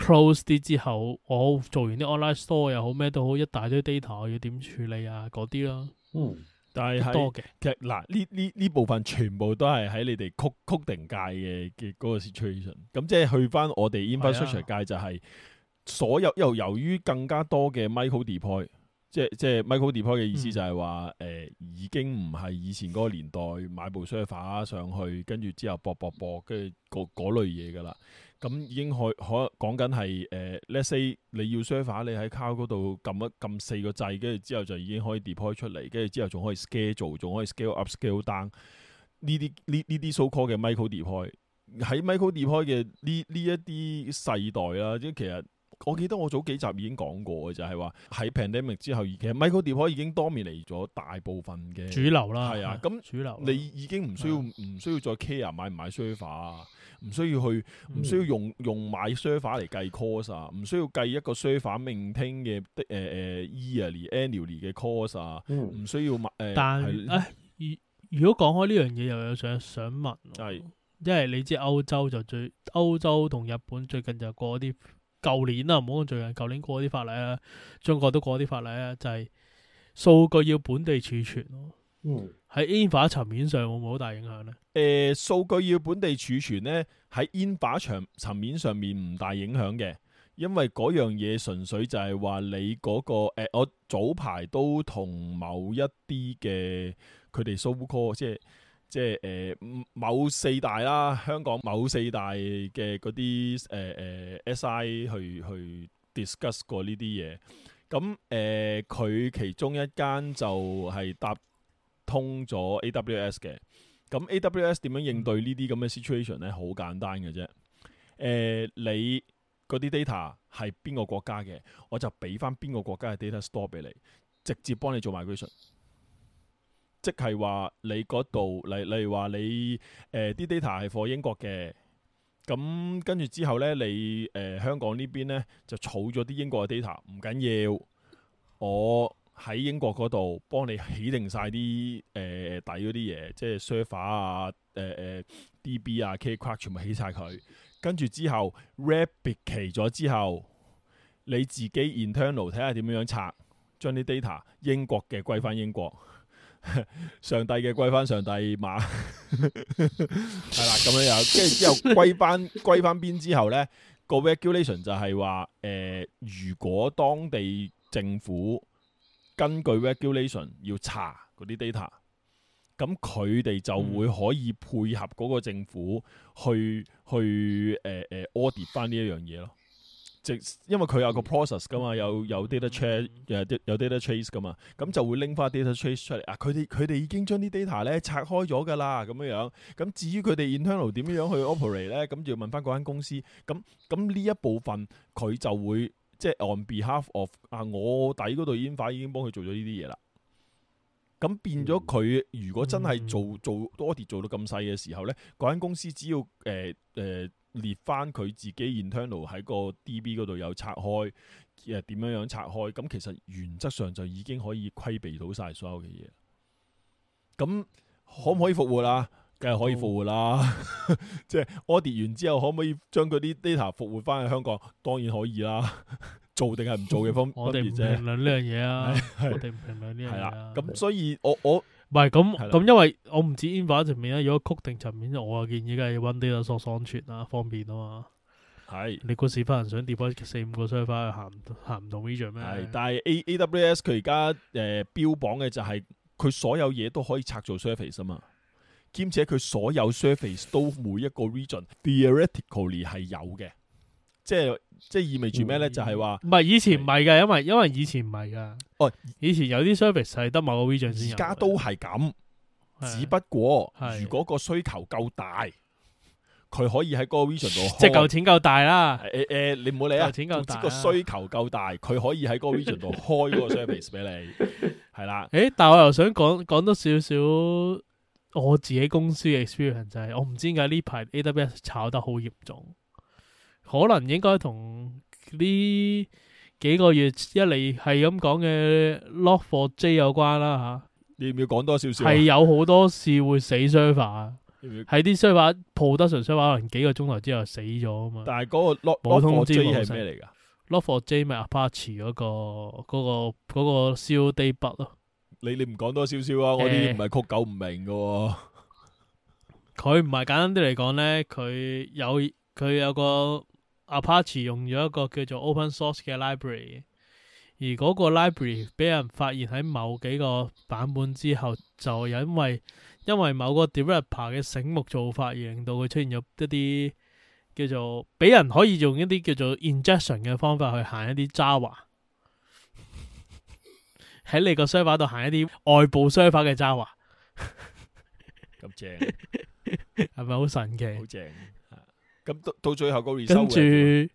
close 啲之後，我做完啲 online store 又好咩都好，一大堆 data 我要點處理啊嗰啲咯。嗯。但係多嘅，其實嗱，呢呢呢部分全部都係喺你哋曲曲定界嘅嘅嗰個 situation。咁即係去翻我哋 infrastructure 界是、啊、就係所有又由於更加多嘅 micro deploy 即係即係 micro deploy 嘅意思就係話誒已經唔係以前嗰個年代買部 server 上去跟住之後搏搏搏跟住嗰類嘢㗎啦。咁已經可可講緊係 let's say 你要 server，你喺 card 嗰度撳一撳四個掣，跟住之後就已經可以 deploy 出嚟，跟住之後仲可以 scale 做，仲可以 scale up、scale down。呢啲呢呢啲 so called 嘅 micro deploy 喺 micro deploy 嘅呢呢一啲世代啦，即係其實我記得我早幾集已經講過嘅，就係、是、話喺 pandemic 之後，其實 micro deploy 已經 dominate 咗大部分嘅主流啦。係啊，咁、啊、主流你已經唔需要唔需要再 care 買唔買 server 啊？唔需要去，唔需要用用買 server 嚟計 course 啊，唔需要計一個 server 命聽嘅的 yearly annually 嘅 course 啊，唔、呃、需要買、呃、但是如果講開呢樣嘢，又有想想問。係是，因為你知歐洲就最歐洲同日本最近就過啲舊年啦，唔好講最近，舊年過啲法例啊，中國都過啲法例啊，就係、是、數據要本地儲存咯。嗯，喺 infra 層面上會唔會好大影響呢？誒、嗯，數、呃、據要本地儲存呢，喺 infra 層面上面唔大影響嘅，因為嗰樣嘢純粹就係話你嗰、嗰個誒、呃，我早排都同某一啲嘅佢哋 so 即係即係誒、呃，某四大啦，香港某四大嘅嗰啲誒誒 si 去去 discuss 過呢啲嘢，咁誒佢其中一間就係搭通咗 AWS 嘅，咁 AWS 點樣應對呢啲咁嘅 situation 咧？好簡單嘅啫。誒、呃，你嗰啲 data 係邊個國家嘅，我就俾翻邊個國家嘅 data store 俾你，直接幫你做埋 migration。即係話你嗰度，例例如話你誒啲 data 係放英國嘅，咁跟住之後咧，你誒、呃、香港邊呢邊咧就儲咗啲英國嘅 data，唔緊要，我。喺英國嗰度幫你起定晒啲誒底嗰啲嘢，即係 server 啊、誒、呃、誒 D.B. 啊、K.Crack 全部起晒佢，跟住之後 Rabbit k 咗之後，你自己 internal 睇下點樣拆，將啲 data 英國嘅歸翻英國，上帝嘅歸翻上帝嘛係 啦。咁樣又跟住之後歸翻歸翻邊之後呢個 regulation 就係話誒，如果當地政府。根據 regulation 要查嗰啲 data，咁佢哋就會可以配合嗰個政府去、嗯、去誒誒、呃呃、audit 翻呢一樣嘢咯。即因為佢有個 process 噶嘛，有有 data trace 誒，有 data trace 噶嘛，咁就會拎翻 data trace 出嚟。啊，佢哋佢哋已經將啲 data 咧拆開咗㗎啦，咁樣樣。咁至於佢哋 internal 點樣去 operate 咧，咁就要問翻嗰間公司。咁咁呢一部分佢就會。即係 on behalf of 啊，我底嗰度已經快已經幫佢做咗呢啲嘢啦。咁變咗佢，如果真係做做多啲做，做到咁細嘅時候呢，嗰間公司只要誒、呃呃、列翻佢自己 internal 喺個 D B 嗰度有拆開誒，點樣樣拆開，咁其實原則上就已經可以規避到晒所有嘅嘢。咁可唔可以復活啊？梗係可以復活啦，即係我跌完之後，可唔可以將佢啲 data 復活翻去香港？當然可以啦，做定係唔做嘅方，我哋唔評論呢樣嘢啊，我哋唔評論呢樣嘢啊。咁所以我我唔係咁咁，因為我唔止 v i s 層面啊，如果確定層面，我啊建議梗係 one data 縮雙存啊，方便啊嘛。係你嗰時翻人想跌開四五個 surface 去行行唔到 region 咩？但係 A A W S 佢而家誒標榜嘅就係佢所有嘢都可以拆做 surface 啊嘛。兼且佢所有 service 都每一個 region theoretically 係有嘅，即係即係意味住咩呢？就係話唔係以前唔係嘅，因為因為以前唔係噶，哦以前有啲 service 係得某個 region 先，而家都係咁，的只不過的如果個需求夠大，佢可以喺嗰個 region 度即係夠錢夠大啦。誒誒、哎哎，你唔好理啊，夠錢夠大，個需求夠大，佢 可以喺嗰個 region 度開嗰個 service 俾你，係啦 的。誒，但我又想講講多少少。我自己公司嘅 experience 就係我唔知點解呢排 AWS 炒得好嚴重，可能應該同呢幾個月一嚟係咁講嘅 Log4j 有關啦吓。你唔要講多少少？係有好多事會死 server，係啲 server production server，可能幾個鐘頭之後死咗啊嘛。但係嗰個 Log4j 係咩嚟噶？Log4j 咪 Apache 嗰個嗰個嗰個 c d b 咯。你你唔講多少少啊？我啲唔係曲狗唔明㗎喎、啊欸。佢唔係簡單啲嚟講呢，佢有佢有個 Apache 用咗一個叫做 Open Source 嘅 library，而嗰個 library 俾人發現喺某幾個版本之後，就因為因為某個 developer 嘅醒目做法，而令到佢出現咗一啲叫做俾人可以用一啲叫做 injection 嘅方法去行一啲 Java。喺你個沙發度行一啲外部沙發嘅招啊！咁正，係咪好神奇？好正。咁到最後嗰個，跟住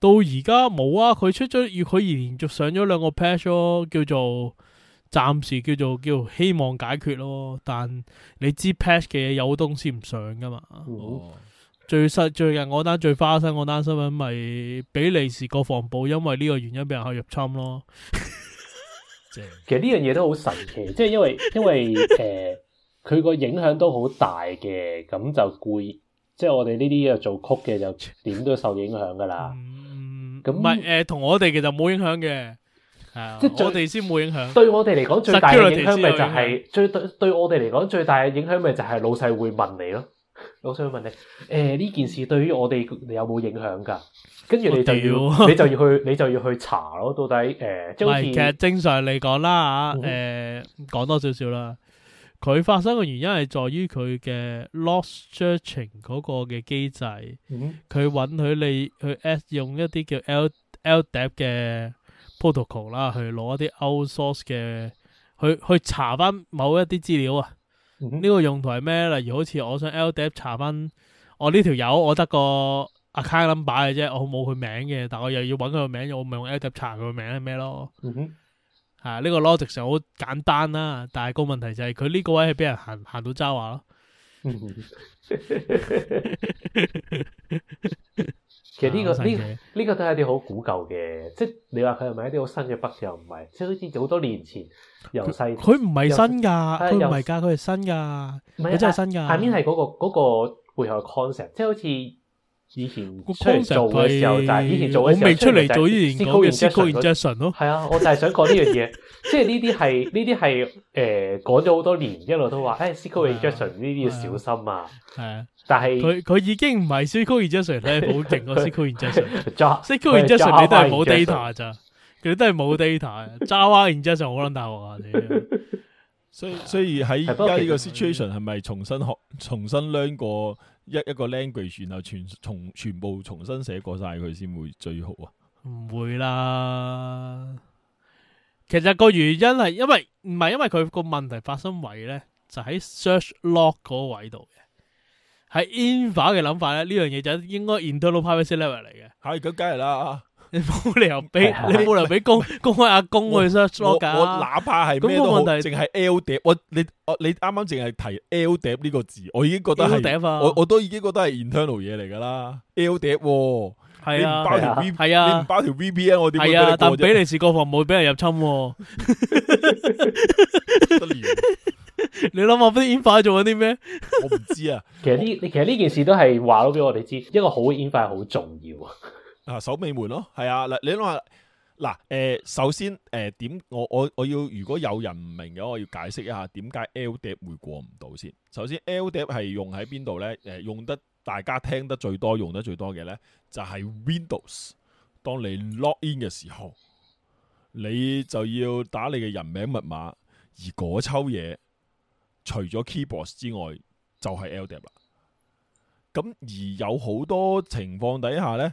到而家冇啊！佢出咗，佢而連續上咗兩個 patch 咯，叫做暫時叫做叫希望解決咯。但你知 patch 嘅嘢有啲東西唔上噶嘛？最實最近我單最花生，我單新聞咪比利時國防部因為呢個原因俾人去入侵咯。 其實呢樣嘢都好神奇，即係因為因為誒，佢個影響都好大嘅，咁就攰即係我哋呢啲啊做曲嘅就點都受影響噶啦。咁唔係誒，同我哋其實冇影響嘅，即係我哋先冇影響。對我哋嚟講最大嘅影響咪就係最對對我哋嚟講最大嘅影響咪就係老細會問你咯。老細會問你誒，呢件事對於我哋有冇影響噶？跟住你就要， 你就要去，你就要去查咯。到底誒，即係其實正常嚟講啦吓，誒、啊，講、啊、多少少啦。佢發生嘅原因係在於佢嘅 loss searching 嗰個嘅機制，佢允許你去使用一啲叫 L LDAP 嘅 protocol 啦，去攞一啲 out source 嘅，去去查翻某一啲資料啊。呢、嗯、哼個用途係咩？例如好似我想 LDAP 查翻我呢條友，我得個。account number 嘅啫，我冇佢名嘅，但係我又要揾佢個名，我咪用 alphabet 查佢個名咩咯？係、嗯、哼啊，呢、這個 logic 上好簡單啦、啊，但係個問題就係佢呢個位係俾人行行到渣話咯。嗯、哼 其實呢、這個呢、啊這個這個都係啲好古舊嘅，即係你話佢係咪啲好新嘅筆又唔係？即係好似好多年前由細，佢唔係新噶，佢唔係噶，佢係、啊、新噶，佢是真係新噶。下面係嗰、那個嗰、那個背後 concept，即係好似。以前出嚟做嘅時候就係以前做嘅時候我未出嚟做，呢件嘅 SQL injection 咯。係啊，我就係想講呢樣嘢，即係呢啲係呢啲係誒講咗好多年，一路都話誒，SQL，哎，injection 呢啲要小心啊。係啊，是啊但係佢佢已經唔係 SQL injection 咧， 好勁個 SQL injection。SQL injection 你都係冇 data 咋，佢都係冇 data。Java injection 我諗大學啊，所以所以喺而家呢個 situation 係咪重新學，重新 learn 過？一一個 language 然後，全從全部重新寫過晒，佢先會最好啊！唔會啦，其實個原因係因為唔係因為佢個問題發生位咧，就喺、是、search log 嗰位度嘅。喺 infra 嘅諗法咧，呢樣嘢就應該 internal privacy level 嚟嘅。係，咁梗係啦。你冇理由俾你冇理由俾公公開阿公去 search 我，哪怕係咩都好，淨係 l 疊我，你哦，你啱啱淨係提 l 疊呢個字，我已經覺得係我我都已經覺得係 internal 嘢嚟噶啦。l 疊係啊，係啊，你唔包條 v B n 我點？係啊，但比利時國防部俾人入侵，得你諗下，非 i n f i 做緊啲咩？我唔知啊。其實呢，其實呢件事都係話咗俾我哋知，一個好 i n f 好重要啊。啊，守尾門咯，係啊嗱。你諗下嗱，誒、呃，首先誒，點、呃、我我我要如果有人唔明嘅，我要解釋一下點解 LDP 會過唔到先。首先，LDP 係用喺邊度咧？誒、呃，用得大家聽得最多、用得最多嘅咧，就係、是、Windows。當你 log in 嘅時候，你就要打你嘅人名密碼，而嗰抽嘢除咗 keyboard 之外就是，就係 LDP 啦。咁而有好多情況底下咧。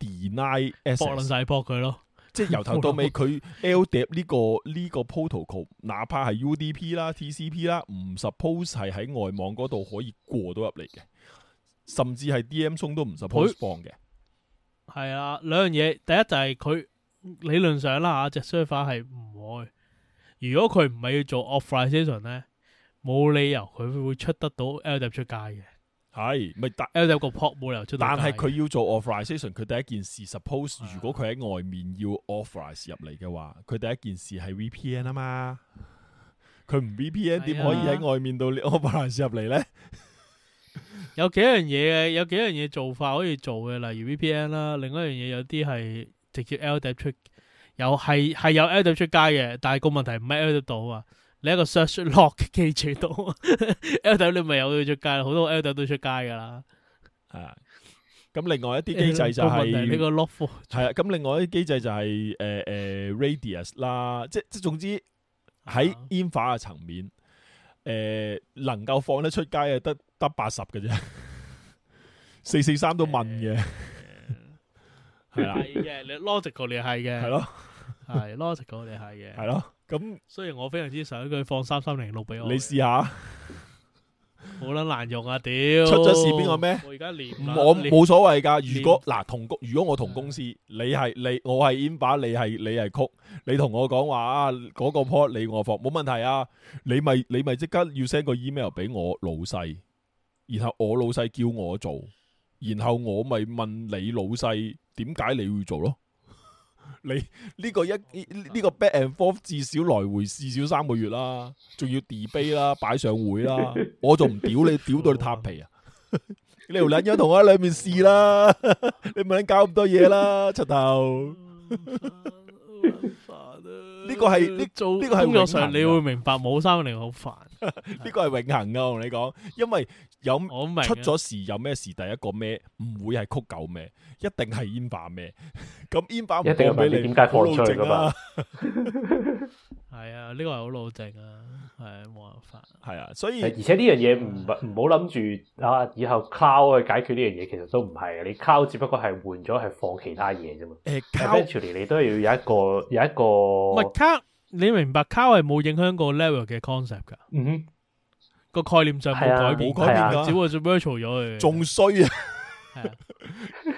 deny access, 搏佢咯，即係由頭到尾佢 LDAP 這個這個呢個呢個 protocol，哪怕係 UDP 啦、 TCP 啦，唔 suppose 係喺外網嗰度可以過到入嚟嘅，甚至係 DM 中都唔 suppose 放嘅。係啊，兩樣嘢，第一就係佢理論上啦吓，隻沙發係唔會，如果佢唔係要做 offline session 咧，冇理由佢會出得到 LDAP 出街嘅。係，咪但有 POP 冇理由出？但係佢要做 authorization，佢第一件事 suppose 如，如果佢喺外面要 authorize 入嚟嘅話，佢第一件事係 VPN 啊嘛。佢唔 VPN 點可以喺外面度 authorize 入嚟咧？有幾樣嘢嘅，有幾樣嘢做法可以做嘅，例如 VPN 啦。另一樣嘢有啲係直接 LDAP 得出，有係係有 LDAP 得出街嘅，但係個問題唔係 LDAP 得到啊。你一個 search lock 機制都，L 豆你咪有佢出街好多 L 豆都出街噶啦。係，咁另外一啲機制就係、是、呢、欸那個 lock。係啊，咁另外一啲機制就係、是、誒誒、呃呃、radius 啦，即即總之喺 in 法嘅層面，誒、啊呃、能夠放得出街啊，得得八十嘅啫，四四三都問嘅。係嘅、欸，你 logic 嚟係嘅，係咯，係 logic 你係嘅，係咯的。咁雖然我非常之想，佢放三三零六俾我，你試下，好撚難用啊！屌，出咗事邊個咩？我而家連唔我冇所謂噶。如果嗱同公，如果我同公司，你係你，我係演把，你係你係曲，你同我講話啊，嗰個 port 你我放，冇問題啊。你咪你咪即刻要 send 個 email 俾我老細，然後我老細叫我做，然後我咪問你老細點解你會做咯。你呢、這個一呢、這個 back and forth 至少來回至少三個月啦，仲要 debate 啦，擺上會啦，我仲唔屌你屌 到你塌皮啊！ 你條撚樣同我喺裏面試啦，你咪好搞咁多嘢啦，柒頭。 呢個係呢，做呢個係工作上你會明白，冇三零好煩，呢 個係永恆噶，我同你講，因為有我出咗事有咩事第一個咩唔會係曲狗咩，一定係煙把咩，咁煙把一定俾你點解出嚟㗎嘛？係啊，呢個係好老正啊！係啊，冇辦法，係啊，所以而且呢樣嘢唔唔好諗住啊，以後 cloud 去解決呢樣嘢，其實都唔係嘅。你 cloud 只不過係換咗係放其他嘢啫嘛。誒 virtual 你都係要有一個有一個唔係 cloud 你明白 cloud 係冇影響個 level 嘅 concept 噶。嗯哼，個概念就冇改變，冇、啊、改變只係做 virtual 咗仲衰啊。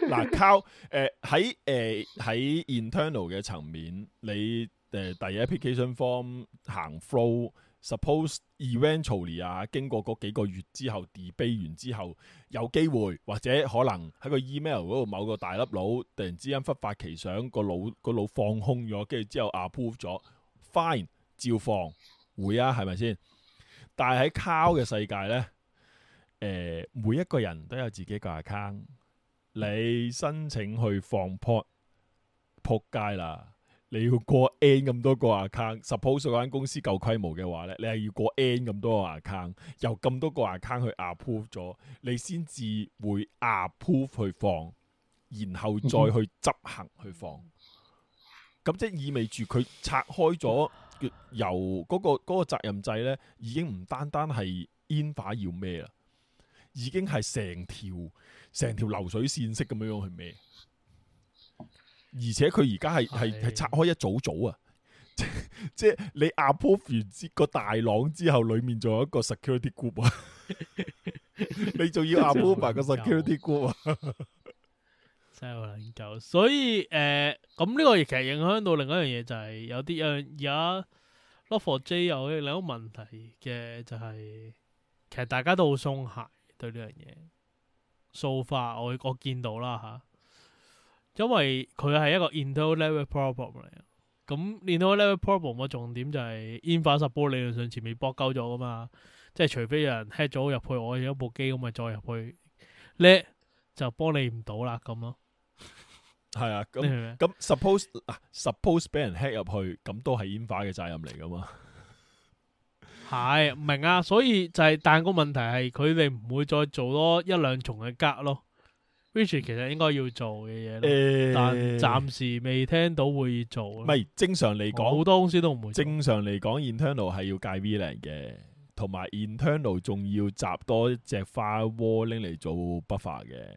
嗱 cloud 誒喺誒喺 internal 嘅層面，你誒第一 application form 行 flow。Suppose eventually 啊，經過嗰幾個月之後、mm hmm.，debate 完之後，有機會或者可能喺個 email 嗰度某個大粒佬突然之間忽發奇想，個腦個腦放空咗，跟住之後 approve 咗，fine 照放會啊，係咪先？Mm hmm. 但係喺 cow 嘅世界呢，誒、呃，每一個人都有自己個 account，你申請去放 p 撲街啦。你要過 N 咁多個 account，suppose 嗰間公司夠規模嘅話咧，你係要過 N 咁多個 account，由咁多個 account 去 approve 咗，你先至會 approve 去放，然後再去執行去放。咁、嗯嗯、即係意味住佢拆開咗，由嗰個嗰個責任制咧，已經唔單單係煙花要孭啦，已經係成條成條流水線式咁樣樣去孭。而且佢而家係係係拆開一組組啊！即 即你 approve 完個大廊之後，裏面仲有一個 security group 啊！ 你仲要 approve 埋個 security group 啊真！ 真係好難搞。所以誒，咁、呃、呢個其實影響到另一，東西一樣嘢，就係有啲有而家 Log4j 有另一個問題嘅、就是，就係其實大家都好鬆懈對呢樣嘢。So far 我我見到啦吓。因為佢係一個 interlevel problem 嚟，咁 interlevel problem 嘅重點就係煙花殺波理論上前面搏鳩咗噶嘛，即係除非有人 hack 咗入去，我有一部機咁咪再入去，叻 就幫你唔到啦咁咯。係啊，咁咁 supp、啊、suppose 嗱，suppose 俾人 hack 入去，咁都係煙花嘅責任嚟噶嘛。係、 啊、唔明啊，所以就係、是，但係個問題係佢哋唔會再做多一兩重嘅格咯。Richie 其實應該要做嘅嘢，欸、但暫時未聽到會做。唔係正常嚟講，好、哦、多公司都唔會。正常嚟講，Internal 係要戒 V 嚟嘅，同埋 Internal 仲要集多一隻 firewall 拎嚟做 buffer 嘅。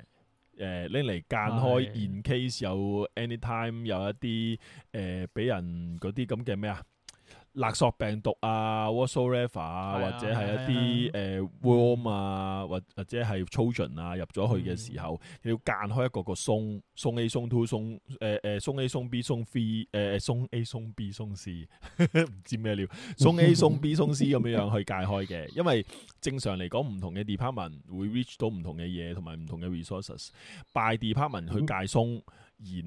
誒拎嚟間開的，in case 有 anytime 有一啲誒俾人嗰啲咁嘅咩啊？勒索病毒啊 w a s、啊、s i l a v a 啊，或者係一啲誒 worm 啊，或、啊嗯呃、或者係 trojan 啊，入咗去嘅時候，你、嗯、要間開一,一個個松、呃，松 A、鬆 2, 哈哈、鬆 B、鬆誒誒鬆 A、鬆 B、鬆 C，誒鬆 A、鬆 B、鬆 C，唔知咩料，鬆 A、松 B、鬆 C 咁樣樣去解開嘅， 因為正常嚟講唔同嘅 department 會 reach 到唔同嘅嘢，同埋唔同嘅 resources，by、嗯、department 去解鬆。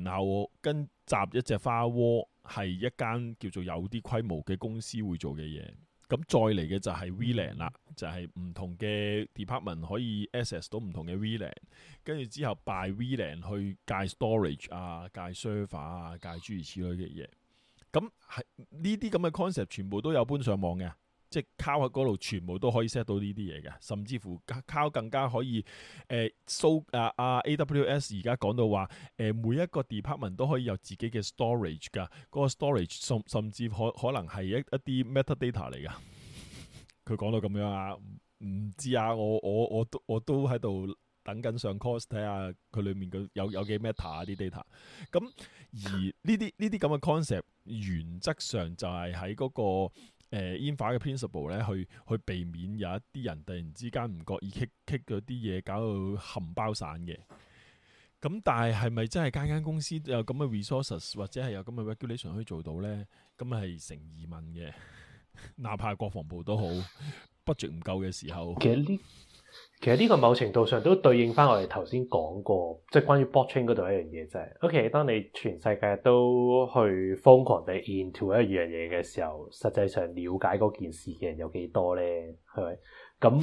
然後跟集一隻花窩係一間叫做有啲規模嘅公司會做嘅嘢，咁再嚟嘅就係 VLAN 啦，就係，是，唔同嘅 department 可以 access 到唔同嘅 VLAN，跟住之後 by VLAN 去介 storage 啊、介 server 啊、介諸如此類嘅嘢，咁係呢啲咁嘅 concept 全部都有搬上網嘅。即係卡喺嗰度，全部都可以 set 到呢啲嘢嘅，甚至乎卡更加可以誒 so 啊啊 AWS 而家講到話，誒、呃，每一個 department 都可以有自己嘅 storage 噶嗰、嗰個 storage 甚甚至可可能係一一啲 metadata 嚟㗎。佢講到咁樣啊，唔知啊，我我我都我都喺度等緊上 course 睇下佢裏面嘅有有幾 meta 啲、啊、data。咁而呢啲呢啲咁嘅 concept 原則上就係喺嗰個。誒，煙花嘅、呃、principle 咧，去去避免有一啲人突然之間唔覺意棘棘嗰啲嘢，搞到冚包散嘅。咁但係係咪真係間間公司都有咁嘅 resources，或者係有咁嘅 regulation 可以做到咧？咁係成疑問嘅。哪怕國防部都好，budget 唔 夠嘅時候。其實呢個某程度上都對應翻我哋頭先講過，即係關於 botching 嗰度一樣嘢係 OK，當你全世界都去瘋狂地 into 一樣嘢嘅時候，實際上了解嗰件事嘅人有幾多咧？係咪？咁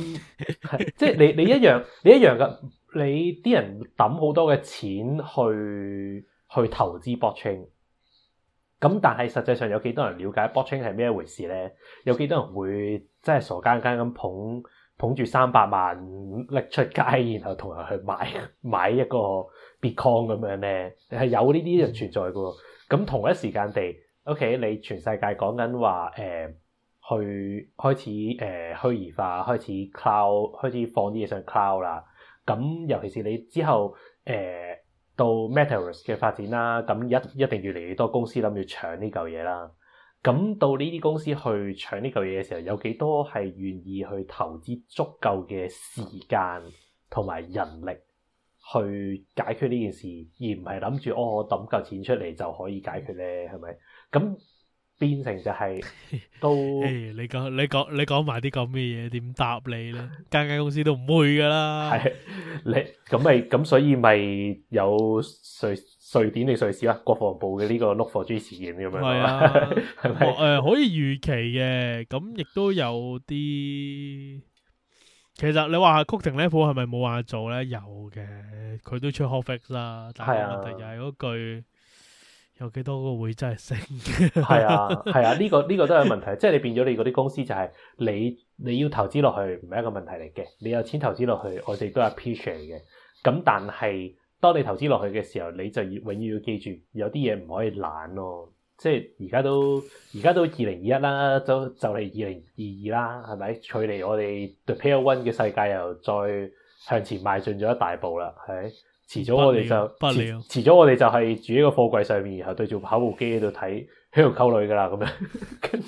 即係你你一樣你一樣噶，你啲人抌好多嘅錢去去投資 botching，咁但係實際上有幾多人了解 botching 係咩一回事咧？有幾多人會真係傻更更咁捧？捧住三百萬，拎出街，然後同人去買買一個 Bitcoin 咁樣咧，係有呢啲人存在嘅喎。咁同一時間地，OK，你全世界講緊話誒、去開始誒虛擬化，開始 Cloud，開始放啲嘢上 Cloud 啦。咁尤其是你之後、呃、到 Materials 嘅發展啦，咁一一定越嚟越多公司諗住搶呢嚿嘢啦。咁到呢啲公司去搶呢嚿嘢嘅時候，有幾多係願意去投資足夠嘅時間同埋人力去解決呢件事？而唔係諗住哦，我抌嚿錢出嚟就可以解決咧？係咪？咁變成就係都誒，你講你講你講埋啲咁嘅嘢，點答你咧？間間公司都唔會噶啦。係你咁咪咁，所以咪有誰？瑞典定瑞士啊？國防部嘅呢個、look、for G 事件咁樣，係啊，誒 吧、哦呃、可以預期嘅，咁亦都有啲。其實你話曲婷 level 係咪冇話做咧？有嘅，佢都出 hotfix 啦。係啊，但係問題就係嗰句有幾多個會真係升的？係啊，係啊，呢、這個呢、這個都有問題。 即係你變咗你嗰啲公司就係你你要投資落去唔係一個問題嚟嘅。你有錢投資落去，我哋都係 picture 嚟嘅。咁但係。當你投資落去嘅時候，你就要永遠要記住，有啲嘢唔可以懶咯。即係而家都而家都二零二一啦，就就嚟二零二二啦，係咪？距離我哋 The Pair One 嘅世界又再向前邁進咗一大步啦。係遲早我哋就遲早我哋就係住喺個貨櫃上面，然後對住跑步機喺度睇喺度溝女噶啦，咁樣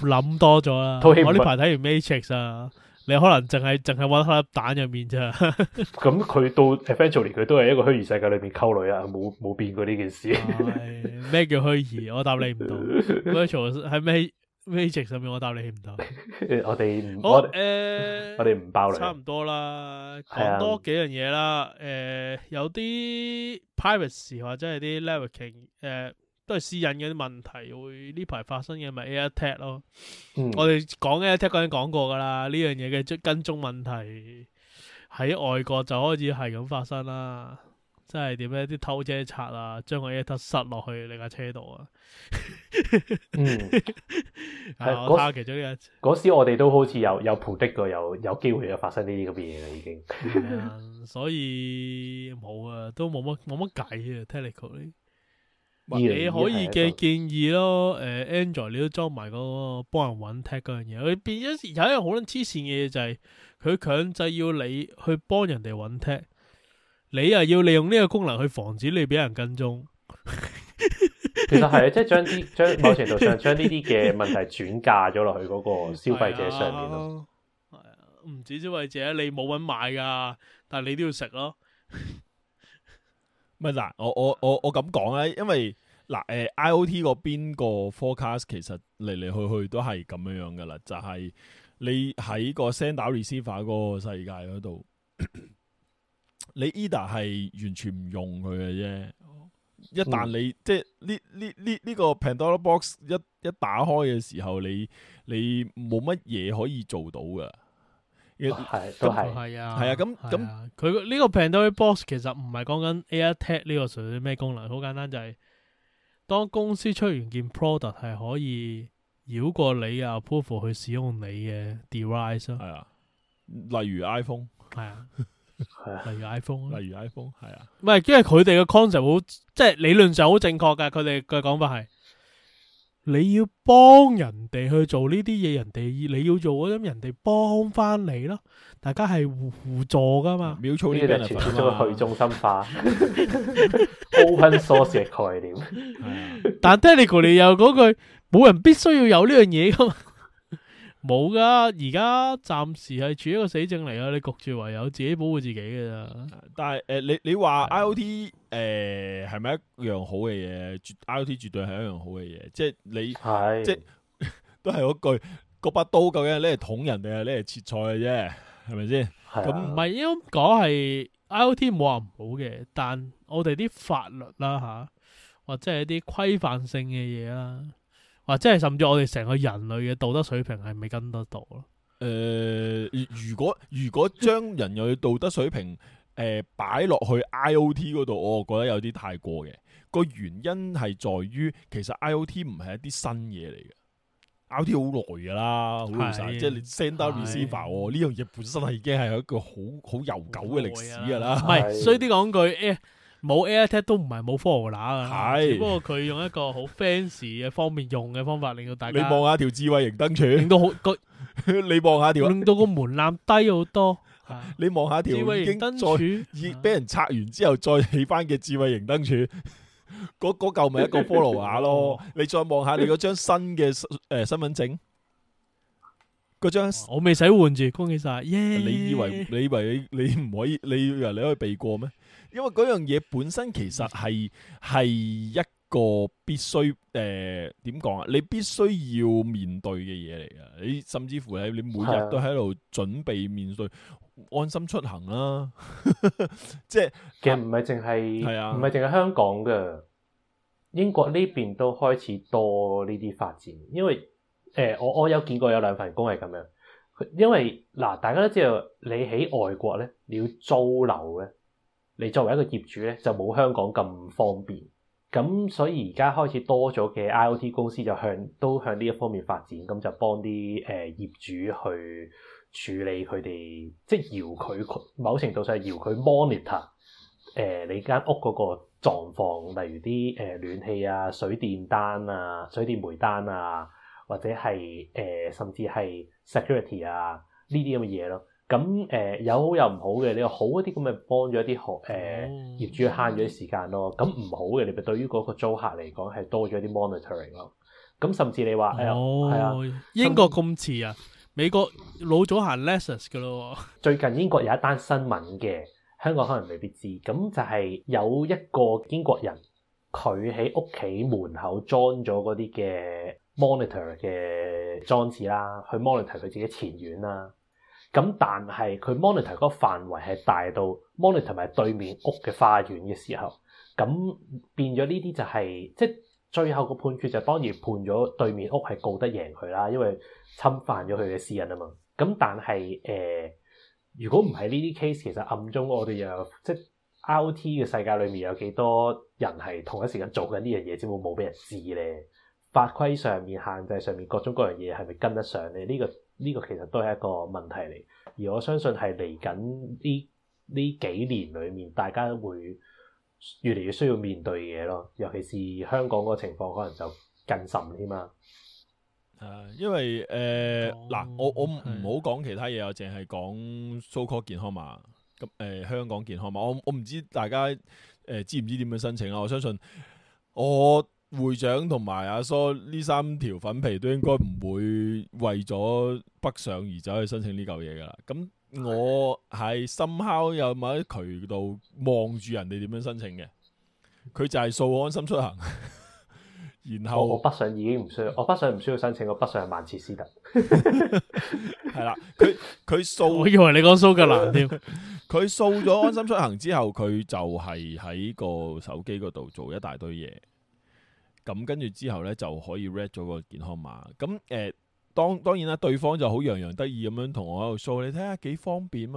諗多咗啦。套戲。我呢排睇完 Matrix 啊？你可能淨係淨係揾粒蛋入面啫。咁佢到 eventually 佢都係一個虛擬世界裏邊溝女啊，冇冇變過呢件事、 哎。咩叫虛擬？我答你唔到。virtual 喺咩 magic 上面？ 我答你唔到。 我哋唔不好我誒，呃、我哋唔包你。差唔多啦，講多幾樣嘢啦。誒、um, 呃，有啲 piracy 事或者係啲 leveraging 誒、呃。都係私隱嘅啲問題，會呢排發生嘅咪 AirTag 咯。嗯、我哋講 AirTag 嗰陣講過噶啦，呢樣嘢嘅跟蹤問題喺外國就開始係咁發生啦。即係點樣？啲偷車賊啊，將個 AirTag 塞落去你架車度啊。嗯，係。我睇其中一。嗰時我哋都好似有有判的個有有機會有發生呢啲咁嘅嘢啦，已經。係 啊，所以冇啊，都冇乜冇乜計啊 technical 2 你可以嘅建議咯，誒 Android 你都裝埋嗰幫人揾 tag 嗰樣嘢，佢變咗有一樣好撚黐線嘅嘢就係佢強制要你去幫人哋揾 tag，你又要利用呢個功能去防止你俾人跟蹤。 其實係即係將啲將某程度上將呢啲嘅問題轉嫁咗落去嗰個消費者上面咯。係啊，唔止消費者，你冇揾買噶，但係你都要食咯。咪嗱，我我我我咁講咧，因為嗱，誒 IOT 嗰邊個 forecast 其實嚟嚟去去都係咁樣樣噶啦，就係你喺個 sender receiver 嗰個世界嗰度，你 either 係完全唔用佢嘅啫，所以一旦你即係呢呢呢呢個 Pandora box 一一打開嘅時候，你你冇乜嘢可以做到噶。係、哦，都係啊，係啊，咁，咁，佢呢個 Pandora box 其實唔係講緊 AirTag 呢個屬於咩功能，好簡單就係，當公司出完件 product 係可以繞過你啊 approve 去使用你嘅 device 咯，係啊，例如 iPhone，係啊， 是啊例如 iPhone，、啊、例如 iPhone，係啊，唔係，因為佢哋嘅 concept 好，即係理論上好正確噶，佢哋嘅講法係。你要幫人哋去做呢啲嘢，人哋你要做，咁人哋幫返你咯。大家係互助噶嘛。秒錯、嗯、呢啲人傳出咗去中心化 open source 嘅概念、嗯。 但 technically 你又講句，冇 人必須要有呢樣嘢噶嘛。冇噶，而家暫時係處於一個死症嚟啊！你焗住唯有自己保護自己㗎咋。但係誒，你你話 I O T 誒係咪一樣好嘅嘢？I O T 絕對係一樣好嘅嘢。即係你，是啊、即係都係嗰句，嗰把刀究竟係你係捅人定係你係切菜嘅啫？係咪先？咁唔係，應該講係 I O T 冇話唔好嘅，但我哋啲法律啦、啊、吓，或者係一啲規範性嘅嘢啦。或即係甚至我哋成個人類嘅道德水平係咪跟得到咯？誒、呃，如果如果將人類嘅道德水平誒擺落去 IOT 嗰度，我，我覺得有啲太過嘅。個原因係在於，其實 IOT 唔係一啲新嘢嚟嘅，IOT 好耐㗎啦，好耐，即係你 send receiver 呢樣嘢本身係已經係一個好好悠久嘅歷史㗎啦。唔係，衰啲講句誒。呃冇 AirTag 都唔係冇 follow 乸噶，係，只不過佢用一個好 fancy 嘅方便用嘅方法，令到大家你望下條智慧型燈柱，令到好個你望下條，令到個門檻低好多。你望下條智慧型燈柱，已俾人拆完之後再起翻嘅智慧型燈柱，嗰嗰嚿咪一個 follow 乸咯？你再望下你嗰張新嘅誒身份證，嗰張我未使換住，恭喜晒耶！你以為你以為你你唔可以你以為你可以避過咩？因為嗰樣嘢本身其實係係一個必須誒，點講啊？你必須要面對嘅嘢嚟啊！你甚至乎喺你每日都喺度準備面對、啊、安心出行啦。即 係、即係、其實唔係淨係唔係淨係香港嘅、啊、英國呢邊都開始多呢啲發展，因為誒我、呃、我有見過有兩份工係咁樣，因為嗱、呃、大家都知道你喺外國咧，你要租樓咧。你作為一個業主咧，就冇香港咁方便，咁所以而家開始多咗嘅 IoT 公司就向都向呢一方面發展，咁就幫啲誒業主去處理佢哋，即係搖佢，某程度上搖佢 monitor 誒你間屋嗰個狀況，例如啲暖氣啊、水電單啊、水電煤單啊，或者係誒甚至係 security 啊呢啲咁嘅嘢咯。咁誒、呃、有好有唔好嘅，你話好一啲咁咪幫咗一啲學誒、呃、業主慳咗啲時間咯，咁唔好嘅，你咪對於嗰個租客嚟講係多咗啲 monitoring 咯，咁甚至你話哎、哦、啊，英國咁遲啊，那美國老早行 lessons 噶咯。 最近英國有一單新聞嘅，香港可能未必知，咁就係有一個英國人，佢喺屋企門口裝咗嗰啲嘅 monitor 嘅裝置啦，去 monitor 佢自己前院啦。咁但係佢 monitor 嗰個範圍係大到 monitor 埋對面屋嘅花園嘅時候，咁變咗呢啲就係、是、即係最後個判決就當然判咗對面屋係告得贏佢啦，因為侵犯咗佢嘅私隱啊嘛。咁但係、呃、如果唔係呢啲 case，其實暗中我哋又即係 IoT 嘅世界裏面有幾多人係同一時間做緊呢樣嘢，至會冇俾人知咧？法規上面、限制上面各種各樣嘢係咪跟得上咧？呢、呢個？呢個其實都係一個問題嚟，而我相信係嚟緊呢呢幾年裡面，大家會越嚟越需要面對嘅嘢咯。尤其是香港個情況，可能就更甚添啊！誒，因為誒嗱、呃嗯，我我唔好講其他嘢啊，淨係講 so-called 健康碼咁誒、呃，香港健康碼。我我唔知大家誒、呃、知唔知點樣申請啊。我相信我。會長同埋阿蘇呢三條粉皮都應該唔會為咗北上而走去申請呢嚿嘢噶啦。咁我係 somehow 有某一渠道望住人哋點樣申請嘅。佢就係掃安心出行，然後、哦、我北上已經唔需要，我北上唔需要申請，我北上係曼徹斯特係啦。佢佢掃，我以為你講蘇格蘭添。佢掃咗安心出行之後，佢就係喺個手機嗰度做一大堆嘢。咁跟住之後咧，就可以 read 咗個健康碼。咁誒、欸，當然當然啦，對方就好洋洋得意咁樣同我喺度 show，你睇下幾方便啊！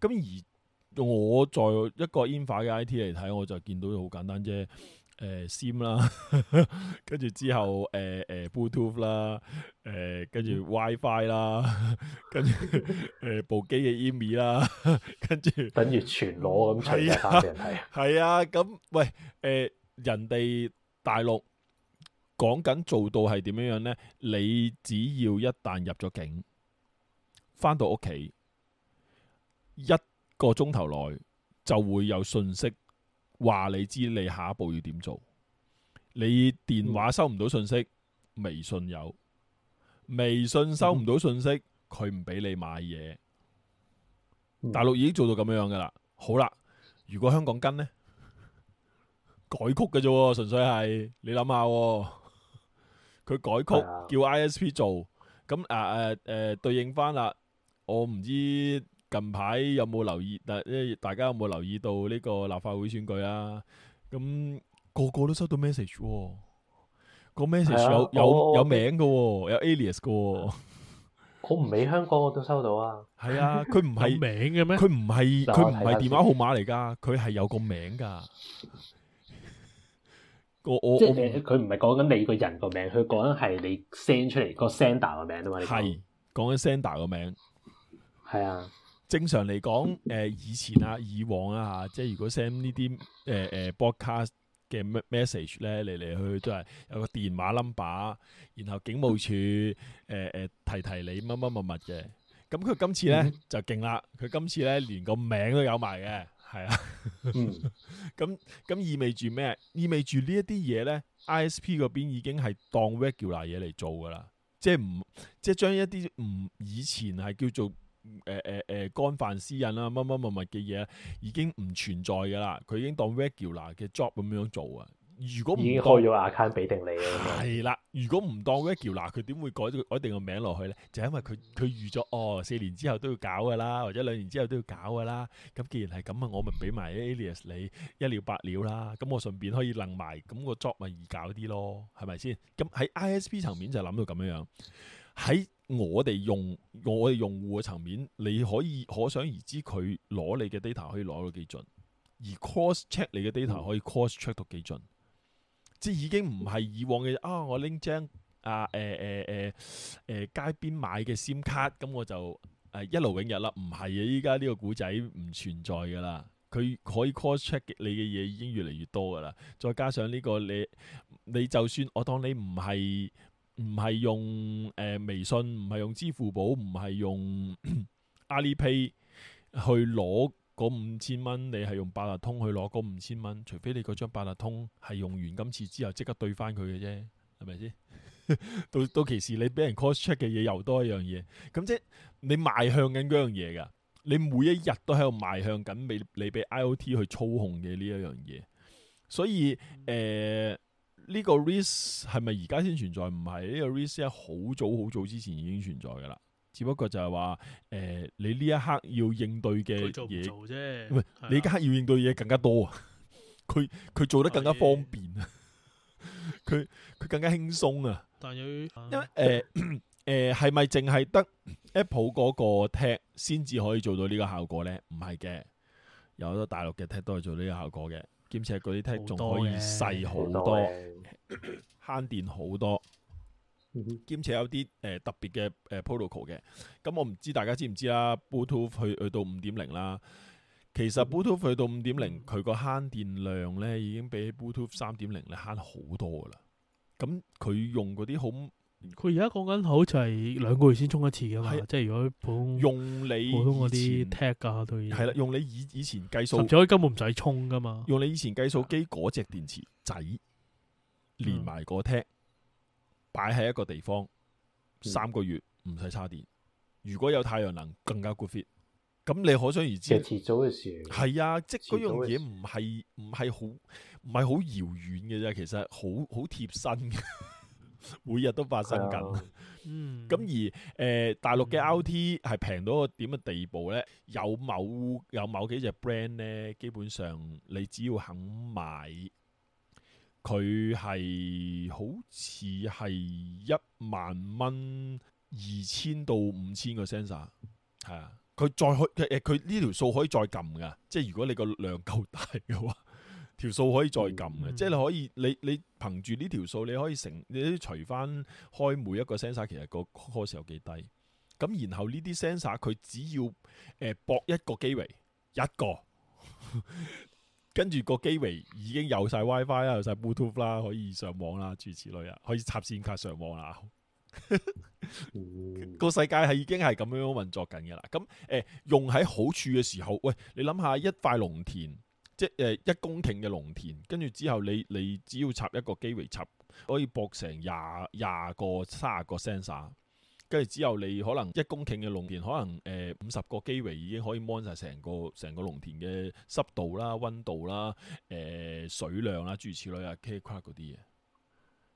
咁而我再一個 infire 嘅 IT 嚟睇，我就見到好簡單啫。誒、欸，SIM 啦、欸欸啦，欸、啦，跟住之後誒誒 Bluetooth 啦，誒跟住 WiFi 啦，跟住誒部機嘅 IMEI 啦，跟住 等於全裸咁隨便翻，係啊，咁、啊啊、喂誒、欸、人哋。大陸講緊做到係點樣樣呢？你只要一旦入咗境，翻到屋企一個鐘頭內就會有信息，話你知你下一步要點做。你電話收唔到信息，微信有；微信收唔到信息，佢唔俾你買嘢。大陸已經做到咁樣樣噶啦。好啦，如果香港跟呢？是改曲嘅啫，純粹係你諗下、哦，佢改曲的叫 ISP 做，咁誒誒誒對應翻啦。我唔知道近排有冇留意，但係大家有冇留意到呢個立法會選舉啊？咁、那個個都收到 message，個 message 有有有名嘅、哦，我有 alias 嘅、哦。我唔喺香港，我都收到哇哇、嗯、啊。係啊，佢唔係名嘅咩？佢唔係佢唔係電話號碼嚟噶，佢係有個名噶。我即係佢唔係講緊你個人個名，佢講緊係你 send 出嚟個 sender 個名啊嘛？係講緊 sender 個名，係啊的。正常嚟講，誒、呃、以前啊，以往啊吓，即係如果、呃呃、send 呢啲誒誒 broadcast 嘅 message 咧，嚟嚟去去都係有個電話 number，然後警務處誒誒提提你乜乜乜物嘅。咁佢今次咧、嗯、哼就勁啦，佢今次咧連個名都有埋嘅。係是啊、 嗯，咁咁意味住咩？意味住呢一啲嘢咧，ISP 嗰邊已經係當 regular 嘢嚟做噶啦，即係唔即係將一啲唔以前係叫做誒誒誒干犯私隱啊，乜乜乜物嘅嘢，已經唔存在噶啦，佢已經當 regular 嘅 job 咁樣做啊。如果唔已經開咗 account 俾定你係啦。如果唔當佢一橋，嗱佢點會改改定個名落去咧？就係、因為佢佢預咗哦，四年之後都要搞噶啦，或者兩年之後都要搞噶啦。咁既然係咁啊，我咪俾埋 alias 你一了百了啦。咁我順便可以楞埋，咁個 job 咪易搞啲咯，係咪先？咁喺 ISP 層面就諗到咁樣樣。喺我哋用我哋用戶嘅層面，你可以可想而知佢攞你嘅 data 可以攞到幾盡，而 cross check 你嘅 data 可以 cross check 到幾盡。嗯。即已經唔係以往嘅啊！我拎張啊誒誒誒誒街邊買嘅 SIM 卡，咁我就誒一勞永逸啦。唔係啊，依家呢個古仔唔存在㗎啦。佢可以 call check 你嘅嘢已經越嚟越多㗎啦。再加上呢個你，你就算我當你唔係唔係用誒微信，唔係用支付寶，唔係用阿里 pay 去攞。五千蚊，你係用八達通去攞嗰五千蚊，除非你嗰張八達通係用完今次之後即刻兌翻佢嘅啫，係咪先？到到其時你俾人 cash check 嘅嘢又多一樣嘢，咁即你邁向緊嗰樣嘢噶，你每一日都喺度邁向緊你你俾 IOT 去操控嘅呢一樣嘢，所以誒呢、呃呢個 risk 係咪而家先存在？唔係呢個 risk 好早好早之前已經存在噶啦。只不過就係話，誒、呃，你呢一刻要應對嘅嘢，佢做唔做啫？唔係，你而刻要應對嘢更加多啊！佢佢的做得更加方便啊！佢佢的更加輕鬆啊！但係有佢因為誒誒，係咪淨係得 Apple 嗰個 tag 先至可以做到呢個效果咧？唔係嘅，有好多大陸嘅 tag 都可以做呢個效果嘅，兼且嗰啲 tag 仲可以細好多，慳電好多。兼且有啲誒特別嘅誒 protocol 嘅，咁我唔知大家知唔知啊 Bluetooth 去、去到五點零啦，其實 Bluetooth 去到五點零，佢個慳電量咧已經比 Bluetooth 三點零咧慳好多噶啦。咁佢用嗰啲好，佢而家講緊好就係兩個月先充一次噶嘛。是啊、即係如果用你普通嗰啲 tag 啊，係啦，用你以、以前計數，根本唔使充噶嘛。用你以前計數機嗰隻電池仔連埋個 tag 擺喺一個地方三個月唔使插電，嗯、如果有太陽能更加 good fit。咁你可想而知，遲早嘅事係啊，即係嗰樣嘢唔係唔係好唔係好遙遠嘅啫，其實好好貼身嘅，每日都發生緊。的 嗯，咁而誒、呃、大陸嘅 L T 係平到個點嘅地步咧、嗯？有某有某幾隻 brand 咧，基本上你只要肯買。佢係好似係一萬蚊二千到五千個 sensor，係啊，佢再可誒佢呢條數可以再撳噶，即如果你個量夠大嘅話，條數可以再撳嘅，嗯、即你可以你你憑住呢條數你可以成你除翻開每一個 sensor，其實個 cost 有幾低？咁然後呢啲 sensor 佢只要誒、呃、搏一個機位，一個。 跟住個機微已經有晒 WiFi 啦，有晒 Bluetooth 啦，可以上網啦，諸如此類啊，可以插線卡上網啦。個、mm. 世界係已經係咁樣樣運作緊嘅啦。咁誒、呃，用喺好處嘅時候，喂，你諗下一塊農田，即係誒一公頃嘅農田，跟住之後你你只要插一個機微插，可以駁成廿廿個卅個 sensor。跟住只有你可能一公頃嘅農田，可能誒五十個基圍已經可以 mon 晒成個成個農田嘅濕度啦、溫度啦、呃、誒水量啦諸如此類啊，K plot 嗰啲嘢，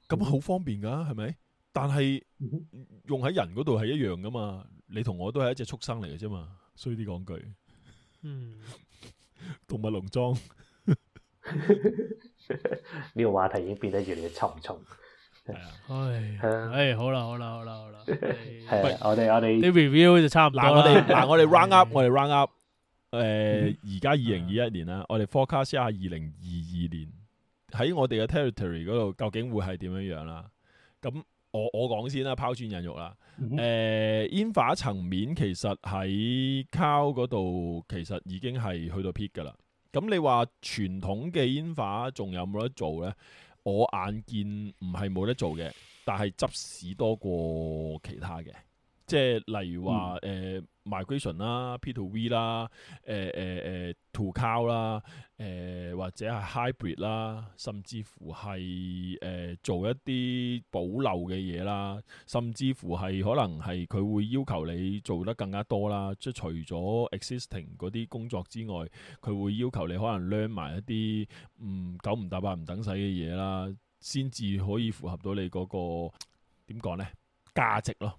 咁好方便噶，係咪？但係用喺人嗰度係一樣噶嘛？你同我都係一隻畜生嚟嘅啫嘛，衰啲講句，嗯，動物農莊呢個話題已經變得越嚟越沉重，重。係啊，係，誒，好啦，好啦，好啦，好啦，我哋我哋啲 review 就差唔多，嗱我哋 round up，我哋 round up，誒，而家二零二一年啦，我哋 forecast 下二零二二年，喺我哋嘅 territory 嗰度究竟會係點樣樣啦？咁我我講先啦，拋磚引玉啦，誒，煙花層面其實喺 cow 嗰度其實已經係去到 peak 噶啦，咁你話傳統嘅煙花仲有冇得做咧？我眼見唔係冇得做嘅，但係執屎多過其他嘅。即係例如話誒、嗯呃、migration 啦，P v、呃呃、to V 啦，誒誒誒 to call 啦，誒或者係 hybrid 啦，甚至乎係誒做一啲保留嘅嘢啦，甚至乎係可能係佢會要求你做得更加多啦。即係除咗 existing 嗰啲工作之外，佢會要求你可能 learn 埋一啲九唔搭八、啊、嗯，唔等使嘅嘢啦，先至可以符合到你嗰、那個點講呢，價值咯。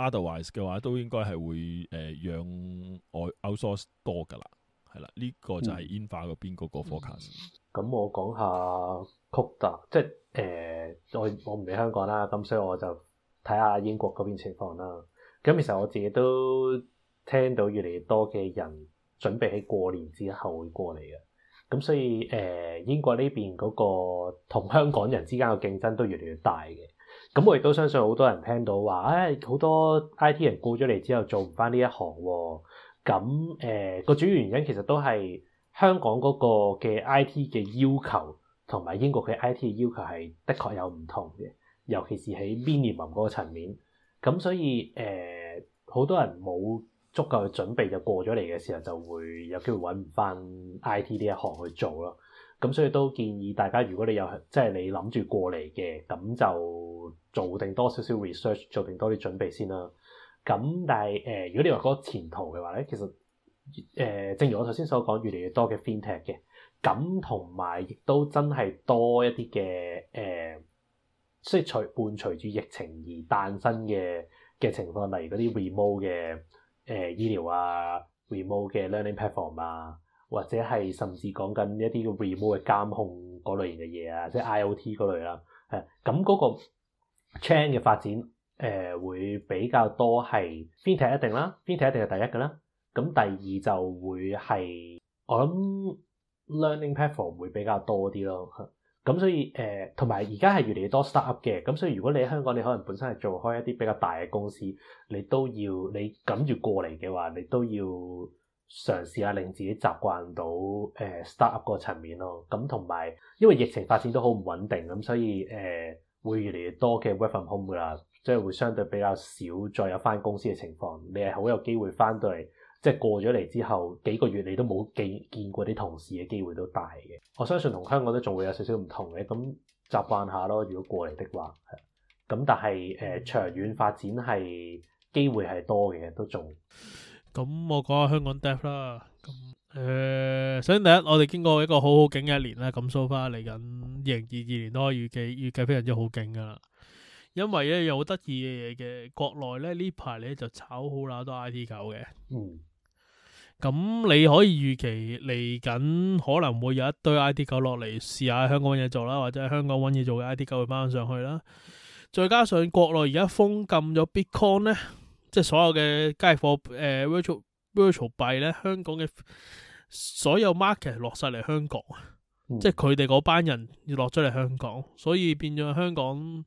Otherwise 嘅話，都應該係會、呃、讓外 outsource 多噶啦，係啦，呢、這個就係煙花嗰邊嗰個 forecast。咁、嗯嗯嗯、我講下曲達，即、呃、係我我唔喺香港啦，咁所以我就睇下英國嗰邊嘅情況啦。咁其實我自己都聽到越嚟越多嘅人準備喺過年之後會過嚟嘅，咁所以、呃、英國呢邊嗰個同香港人之間嘅競爭都越嚟越大嘅。咁我亦都相信好多人聽到話，誒，好多 I T 人過咗嚟之後做唔翻呢一行、哦。咁、呃、誒，個主要原因其實都係香港嗰個嘅 I T 嘅要求，同埋英國嘅 I T 嘅要求係的確有唔同嘅，尤其是喺 minimum 嗰個層面。咁所以誒，好、呃、多人冇足夠嘅準備就過咗嚟嘅時候，就會有機會搵唔翻 I T 呢一行去做囉。咁所以都建議大家如、就是 arch, 呃，如果你有即係你諗住過嚟嘅，咁就做定多少少 research，做定多啲準備先啦。咁但係誒，如果你話嗰個前途嘅話咧，其實誒、呃、正如我頭先所講，越嚟越多嘅 fintech 嘅，咁同埋亦都真係多一啲嘅誒，即係隨伴隨住疫情而誕生嘅嘅情況，例如嗰啲 remote 嘅誒醫療啊，remote 嘅 learning platform 啊。或者係甚至講緊一啲嘅 remote 嘅監控嗰類型嘅嘢啊，即係 IOT 嗰類啦。咁、嗯、嗰個 channel 嘅發展誒、呃、會比較多係邊條一定啦？邊條一,一定係第一嘅啦？咁第二就會、是、係我諗 learning platform 會比較多啲咯。咁所以誒，同埋而家係越嚟越多 start up 嘅。咁、嗯、所以如果你喺香港，你可能本身係做開一啲比較大嘅公司，你都要你跟住過嚟嘅話，你都要。嘗試下令自己習慣到誒 start up 個層面咯，咁同埋因為疫情發展都好唔穩定，咁所以誒會越嚟越多嘅 work from home 噶啦，即係會相對比較少再有翻公司嘅情況。你係好有機會翻到嚟，即係過咗嚟之後幾個月你都冇見見過啲同事嘅機會都大嘅。我相信同香港都仲會有少少唔同嘅，咁習慣下咯。如果過嚟的話，咁但係誒長遠發展係機會係多嘅，都仲。咁我講下香港 def 啦，咁誒、呃，首先第一，我哋經過一個好好景嘅一年啦，咁 so far 嚟緊二零二二年都可以預計預計非常之好景噶啦，因為咧有好得意嘅嘢嘅。國內咧呢排咧就炒好啦，都 I T 狗嘅，嗯，咁你可以預期嚟緊可能會有一堆 I T 狗落嚟試下香港嘢做啦，或者喺香港搵嘢做嘅 I T 狗會翻翻上去啦，再加上國內而家封禁咗 Bitcoin 咧。即係所有嘅街貨誒、呃、virtual virtual 幣咧，香港嘅所有 market 落晒嚟香港、嗯、即係佢哋嗰班人要落咗嚟香港，所以變咗香港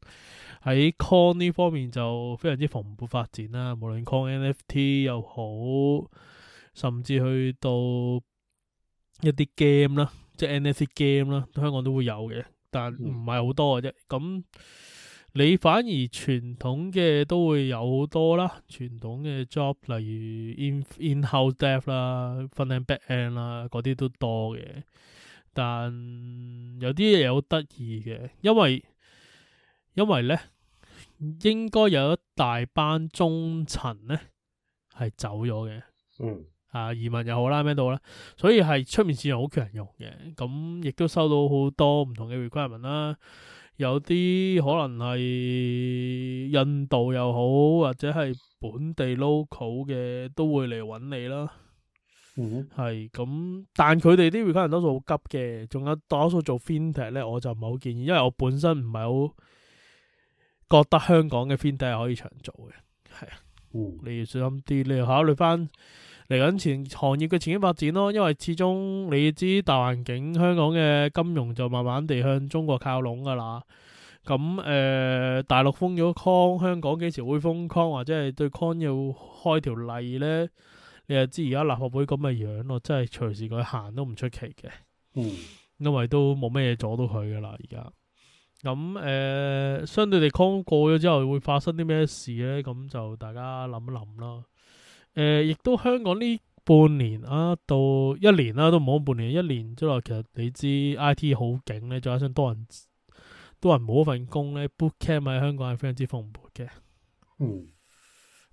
喺 coin 呢方面就非常之蓬勃發展啦。無論 coin NFT 又好，甚至去到一啲 game 啦，即係 NFT game 啦，香港都會有嘅，但唔係好多嘅啫。咁、嗯你反而傳統嘅都會有好多啦，傳統嘅 job，例如 in in-house dev 啦、frontend、backend 啦，嗰啲都多嘅。但有啲嘢好得意嘅，因為因為咧應該有一大班中層咧係走咗嘅，嗯啊移民又好啦，咩都好啦，所以係出面市場好缺人用嘅，咁亦都收到好多唔同嘅 requirement 啦。有啲可能係印度又好，或者係本地 local 嘅都會嚟揾你啦。係咁、嗯，但佢哋啲 requirement 多數好急嘅，仲有多數做 fintech 咧，我就唔係好建議，因為我本身唔係好覺得香港嘅 fintech 係可以長做嘅。係啊，嗯、你要小心啲，你要考慮翻。嚟緊前行業嘅前景發展咯，因為始終你知大環境香港嘅金融就慢慢地向中國靠攏噶啦。咁誒，大陸封咗康，香港幾時會封康或者係對康要開條例呢？你又知而家立法會咁嘅樣咯，真係隨時佢行都唔出奇嘅。嗯，因為都冇乜嘢阻到佢噶啦而家。咁誒，相對地康過咗之後會發生啲咩事呢？咁就大家諗一諗咯。誒、呃，亦都香港呢半年啊，到一年啦，都冇半年一年之內，其實你知 I T 好勁咧，再加上多人多人冇一份工咧、嗯、，bootcamp 喺香港係、嗯、非常之蓬勃嘅，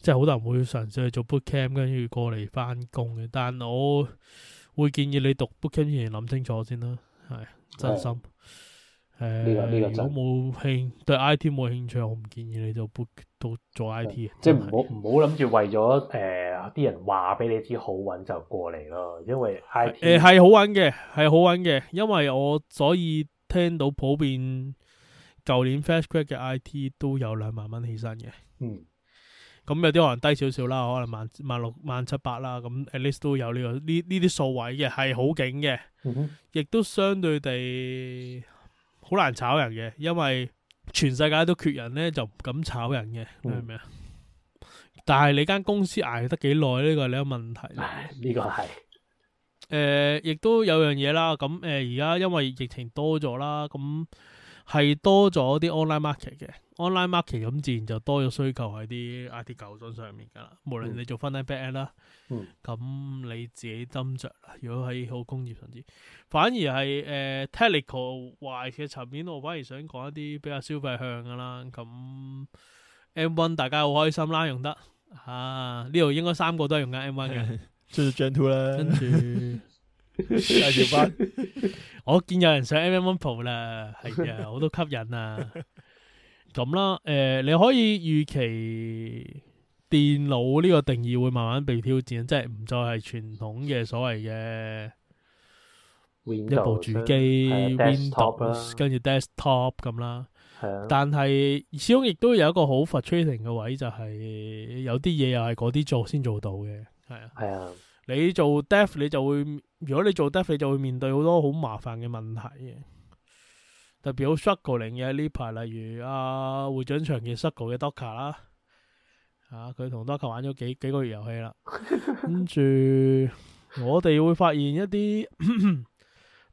即係好多人會嘗試去做 bootcamp，跟住過嚟翻工嘅。但我會建議你讀 bootcamp 之前諗清楚先啦，係真心。嗯誒，呢個呢個，這個、如果冇興對 I T 冇興趣，我唔建議你就到做 I T 嘅、嗯，是即係唔、呃、好唔好諗住為咗誒啲人話俾你知好穩就過嚟咯，因為 I T 誒係好穩嘅，係好穩嘅，因為我所以聽到普遍舊年 fresh grad 嘅 I T 都有兩萬蚊起薪嘅，嗯，咁、嗯、有啲可能低少少啦，可能萬萬六萬七八啦，咁 at least 都有呢、這個呢呢啲數位嘅係好勁嘅，亦、嗯、哼都相對地。好難炒人嘅，因為全世界都缺人咧，就唔敢炒人嘅，明唔明啊？但係你間公司挨得幾耐呢個你有問題。唉，呢、這個係、呃，誒，亦都有樣嘢啦。咁、嗯、誒，而、呃、家因為疫情多咗啦，咁、嗯。係多咗啲 online market 嘅 online market，咁自然就多咗需求喺啲 IT 舊裝上面噶啦，無論你做 financial 啦，咁你自己斟酌啦。如果喺好工業上面，反而係誒 technical 壞嘅層面，我反而想講一啲比較消費向噶啦。咁 M1 大家好開心啦，用得啊！呢度應該三個都係用緊 M1 嘅，跟住 G2 咧，跟住。大條斑，我見有人上 M、MM、M1 Pro 啦，係啊，好多吸引啊，咁啦， 誒、呃，你可以預期電腦呢個定義會慢慢被挑戰，即係唔再係傳統嘅所謂嘅一部主機，Windows 跟住 Desktop 咁啦，係啊的，但係始終亦都有一個好 frustrating 嘅位置，就係、是、有啲嘢又係嗰啲做先做到嘅，係啊，係啊的，你做 Dev 你就會。如果你做得，你就會面對好多好麻煩嘅問題嘅，特別好 shocking 嘅呢排，例如啊會長長期 shocking Doctor 啦，吓佢同 Doctor、er、玩咗幾幾個月遊戲啦，跟住 我哋會發現一啲，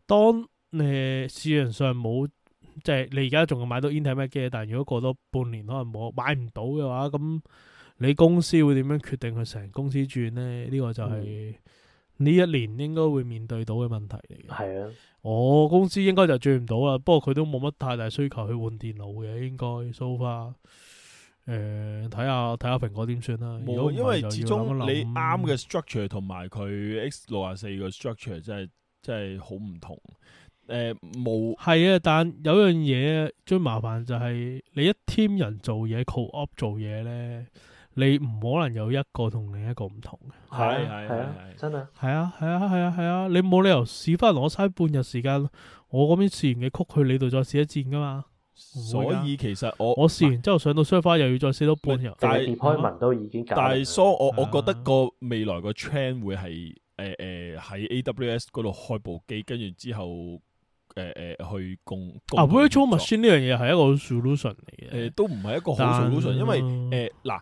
當誒市場上冇，即係你而家仲買到 Intel 咩機但係如果過多半年可能冇買唔到嘅話，咁你公司會點樣決定佢成公司轉呢？呢、這個就係、是。嗯呢一年應該會面對到嘅問題嚟嘅，係啊！我公司應該就轉唔到啦，不過佢都冇乜太大需求去換電腦嘅，應該，so far 睇下睇下蘋果點算啦。冇，因為始終想想你啱嘅 structure 同埋佢 X 六廿四嘅 structure 真係真係好唔同。冇係啊，但有樣嘢最麻煩就係你一 team 人做嘢，call up 做嘢咧。你唔可能有一個同另一個唔同嘅，係係係係真啊！係啊係啊係啊係啊！你冇理由試翻攞晒半日時間，我嗰邊試完嘅曲去你度再試一戰噶嘛？所以其實我我試完之後上到 server 又要再試多半日。但係 department 都已經但係，所以我我覺得個未來個 trend 會係誒誒喺 AWS 嗰度開部機，跟住之後誒誒去供。啊，virtual machine 呢樣嘢係一個 solution 嚟嘅，誒都唔係一個好 solution，呀因為誒嗱。呃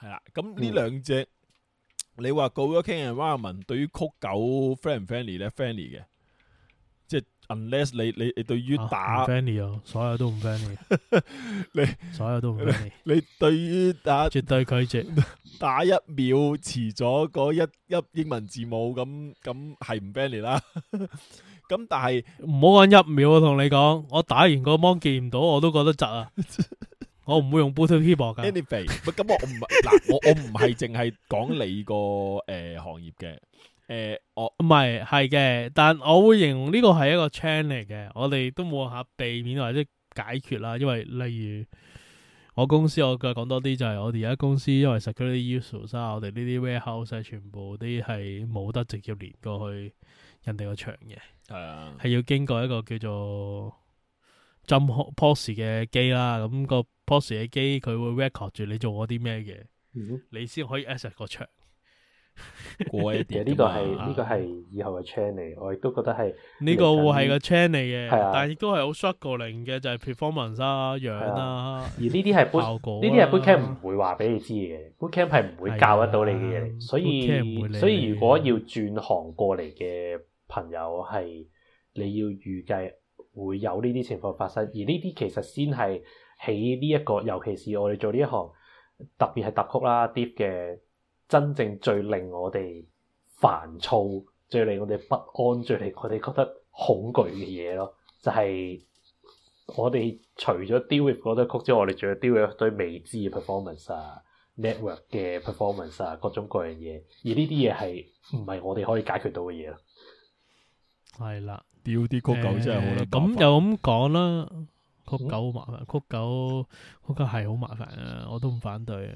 係啦，咁呢兩隻，嗯、你話告咗 Kenny w a n 對於曲狗 friend 唔 friendly 咧 friendly 嘅，即係 unless 你你，你對於打、啊、friendly，所有都唔 friendly， 你所有都唔 friendly，你，你對於打絕對拒絕，打一秒遲咗嗰一一英文字母，咁咁係唔 friendly 啦。咁 但係唔好講一秒我、啊、同你講，我打完個芒見唔到，我都覺得窒啊。 我唔會用 bootable、er、噶，咁我唔係嗱，我我唔係淨係講你個誒、呃、行業嘅，誒、呃、我唔係係嘅，但我會形容呢個係一個 channel 嚟嘅，我哋都冇吓避免或者解決啦，因為例如我公司我再講多啲就係我哋而家公司因為 security issues，我哋呢啲 warehouse 全部啲係冇得直接連過去人哋個場嘅，係啊的，係要經過一個叫做。浸 pose 嘅機啦，咁、那個 pose 嘅機佢會 record 住你做咗啲咩嘅，嗯嗯你先可以 exit 個場。其實呢個係呢個係以後嘅 training 嚟，我亦都覺得係。呢個會係個 training 嚟嘅，但係亦都係好 shocking 嘅，就係、是、performance 樣啊樣啦、啊，而呢啲係效果、啊，呢啲係 bootcamp 唔會話俾你知嘅，bootcamp 係唔會教得到你嘅嘢，所以所以如果要轉行過嚟嘅朋友係你要預計。會有呢啲情況發生，而呢啲其實先係起呢一個，尤其是我哋做呢一行，特別係特曲啦、deep 嘅真正最令我哋煩躁、最令我哋不安、最令我哋覺得恐懼嘅嘢咯，就係、是、我哋除咗 deal with 嗰堆曲之外，我哋仲要 deal with 堆未知嘅 performance 啊、network 嘅 performance 啊、各種各樣嘢，而呢啲嘢係唔係我哋可以解決到嘅嘢咯？係啦。屌啲曲狗真係好難，咁又咁講啦。曲狗好麻煩，曲狗曲狗係好麻煩啊！我都唔反對啊，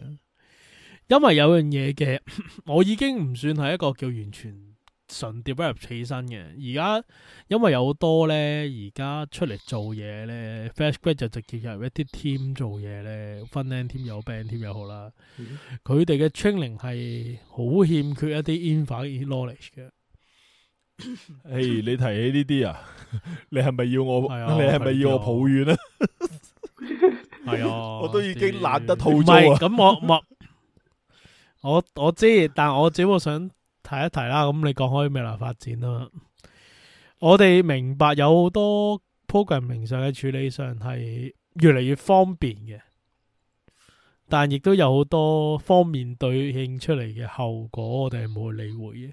因為有樣嘢嘅，我已經唔算係一個叫完全純 develop 起身嘅。而家因為有好多咧，而家出嚟做嘢咧，fresh grad 就直接入一啲 team 做嘢咧，分 band team 有 band team 又好啦。佢哋嘅 training 係好欠缺一啲 infra knowledge 嘅。誒，hey，你提起呢啲啊，你係咪要我？的你係咪要我抱怨啊？係啊，我都已經懶得吐。唔係咁，我我我知道，但我只不過想提一提啦。咁你講開未來發展啊，我哋明白有好多 programming 上嘅處理上係越嚟越方便嘅，但亦都有好多方面對應出嚟嘅後果，我哋係冇去理會嘅。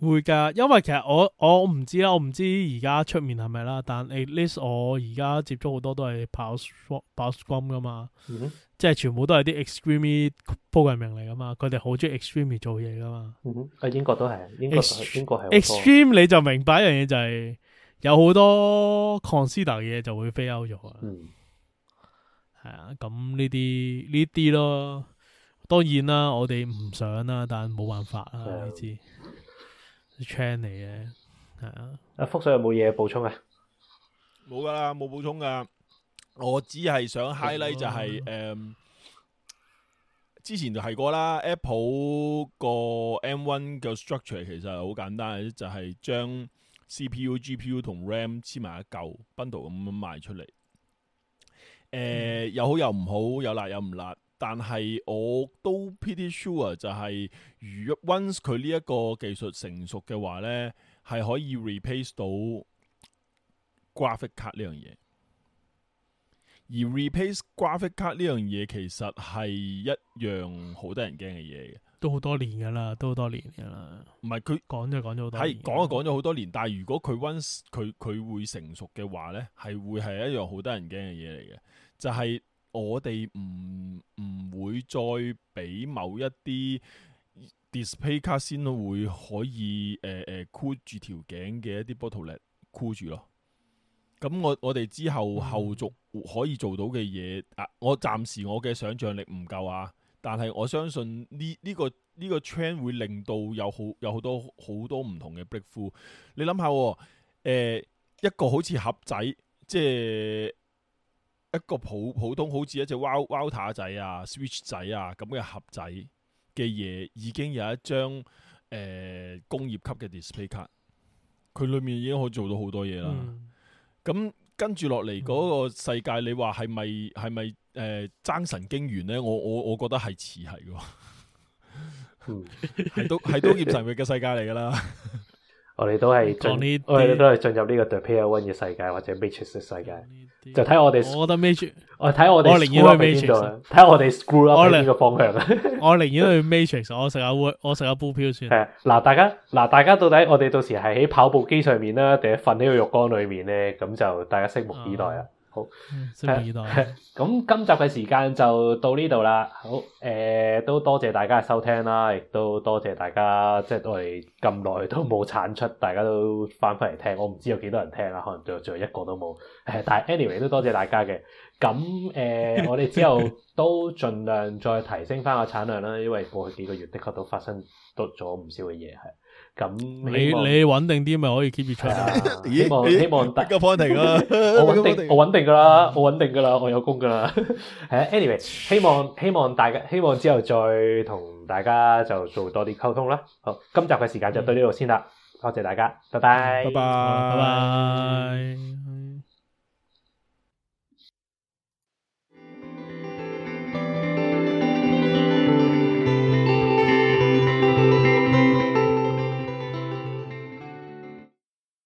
會噶，因為其實我我唔知啦，我唔知而家出面係咪啦，但 at least 我而家接觸好多都係跑跑 scrum 噶嘛，mm hmm. 即係全部都係啲 extreme programming 嚟噶嘛，佢哋好中意 extreme 做嘢噶嘛，喺英國都係，英國英國係 extreme, extreme 你就明白一樣嘢就係有好多 consider 嘅嘢就會 fail 咗啊，係啊，咁呢啲呢啲咯，當然啦，我哋唔想啦，但冇辦法啦，你知。change 嚟嘅係啊沒，阿福叔有冇嘢補充啊？冇噶啦，冇補充噶。我只係想 highlight 就係，誒，之前就係過啦。Apple 個 M1 嘅 structure 其實好簡單，就係將 CPU、GPU 同 RAM 黐埋一嚿 bundle 咁樣賣出嚟。誒、呃，嗯、有好又唔好，有辣有唔辣。但係我都 pretty sure 就係，如 once 佢呢一個技術成熟嘅話咧，係可以 replace 到 graphic 卡呢樣嘢。而 replace graphic 卡呢樣嘢，其實係一樣好得人驚嘅嘢嘅。都好多年噶啦，都好多年噶啦。唔係佢講咗，講咗好多，係講就講咗好多年，但係如果佢 once 佢佢會成熟嘅話咧，係會係一樣好得人驚嘅嘢嚟嘅，就係、是。我哋唔唔會再俾某一啲 display 卡先會可以誒誒箍住條頸嘅一啲 bottleneck 箍住咯。咁我我哋之後後續可以做到嘅嘢，啊！我暫時我嘅想象力唔夠啊，但係我相信呢呢、這個呢、這個 chain 會令到有好有好多好多唔同嘅 breakthrough。你諗下、哦，誒、呃、一個好似盒仔，即係。一個普普通好似一隻 W W 塔仔啊、Switch 仔，仔啊咁嘅盒仔嘅嘢，已經有一張誒、呃、工業級嘅 display card，佢裏面已經可以做到好多嘢啦。咁、嗯、跟住落嚟嗰個世界，你話係咪係咪誒爭神經元咧？我我我覺得係似係嘅，係都係都叫神域嘅世界嚟噶啦。 我哋都係進，我哋都係進入呢個《The Player One》嘅世界或者《Matrix》嘅世界，些就睇我哋，我覺的得《Matrix》，我睇我哋，我寧願去《Matrix》，睇我哋 screw up 喺邊個方向，我寧願去《Matrix》，我食下碗，我食下杯飄雪。係嗱，大家，嗱，大家到底我哋到時係喺跑步機上面啦，定係瞓喺個浴缸裏面咧？咁就大家拭目以待啦、啊。嗯，歡迎到嚟。咁、啊啊啊、今集嘅時間就到呢度啦。好，誒、呃，都多謝大家嘅收聽啦，亦都多謝大家，即係都係咁耐都冇產出，大家都翻返嚟聽。我唔知有幾多人聽啦，可能最最後一個都冇、啊。但係 anyway 都多謝大家嘅。咁誒，呃、 我哋之後都盡量再提升翻個產量啦，因為過去幾個月的確都發生多咗唔少嘅嘢，係。咁你你，你穩定啲咪可以 keep 住 check 下希望希望大個 pointing 我穩定 我穩定噶啦，我穩定噶啦，我有工噶啦。Anyway，希望希望大家希望之後再同大家就做多啲溝通啦。好，今集嘅時間就到呢度先啦。嗯，多謝大家，拜拜，拜拜，拜拜。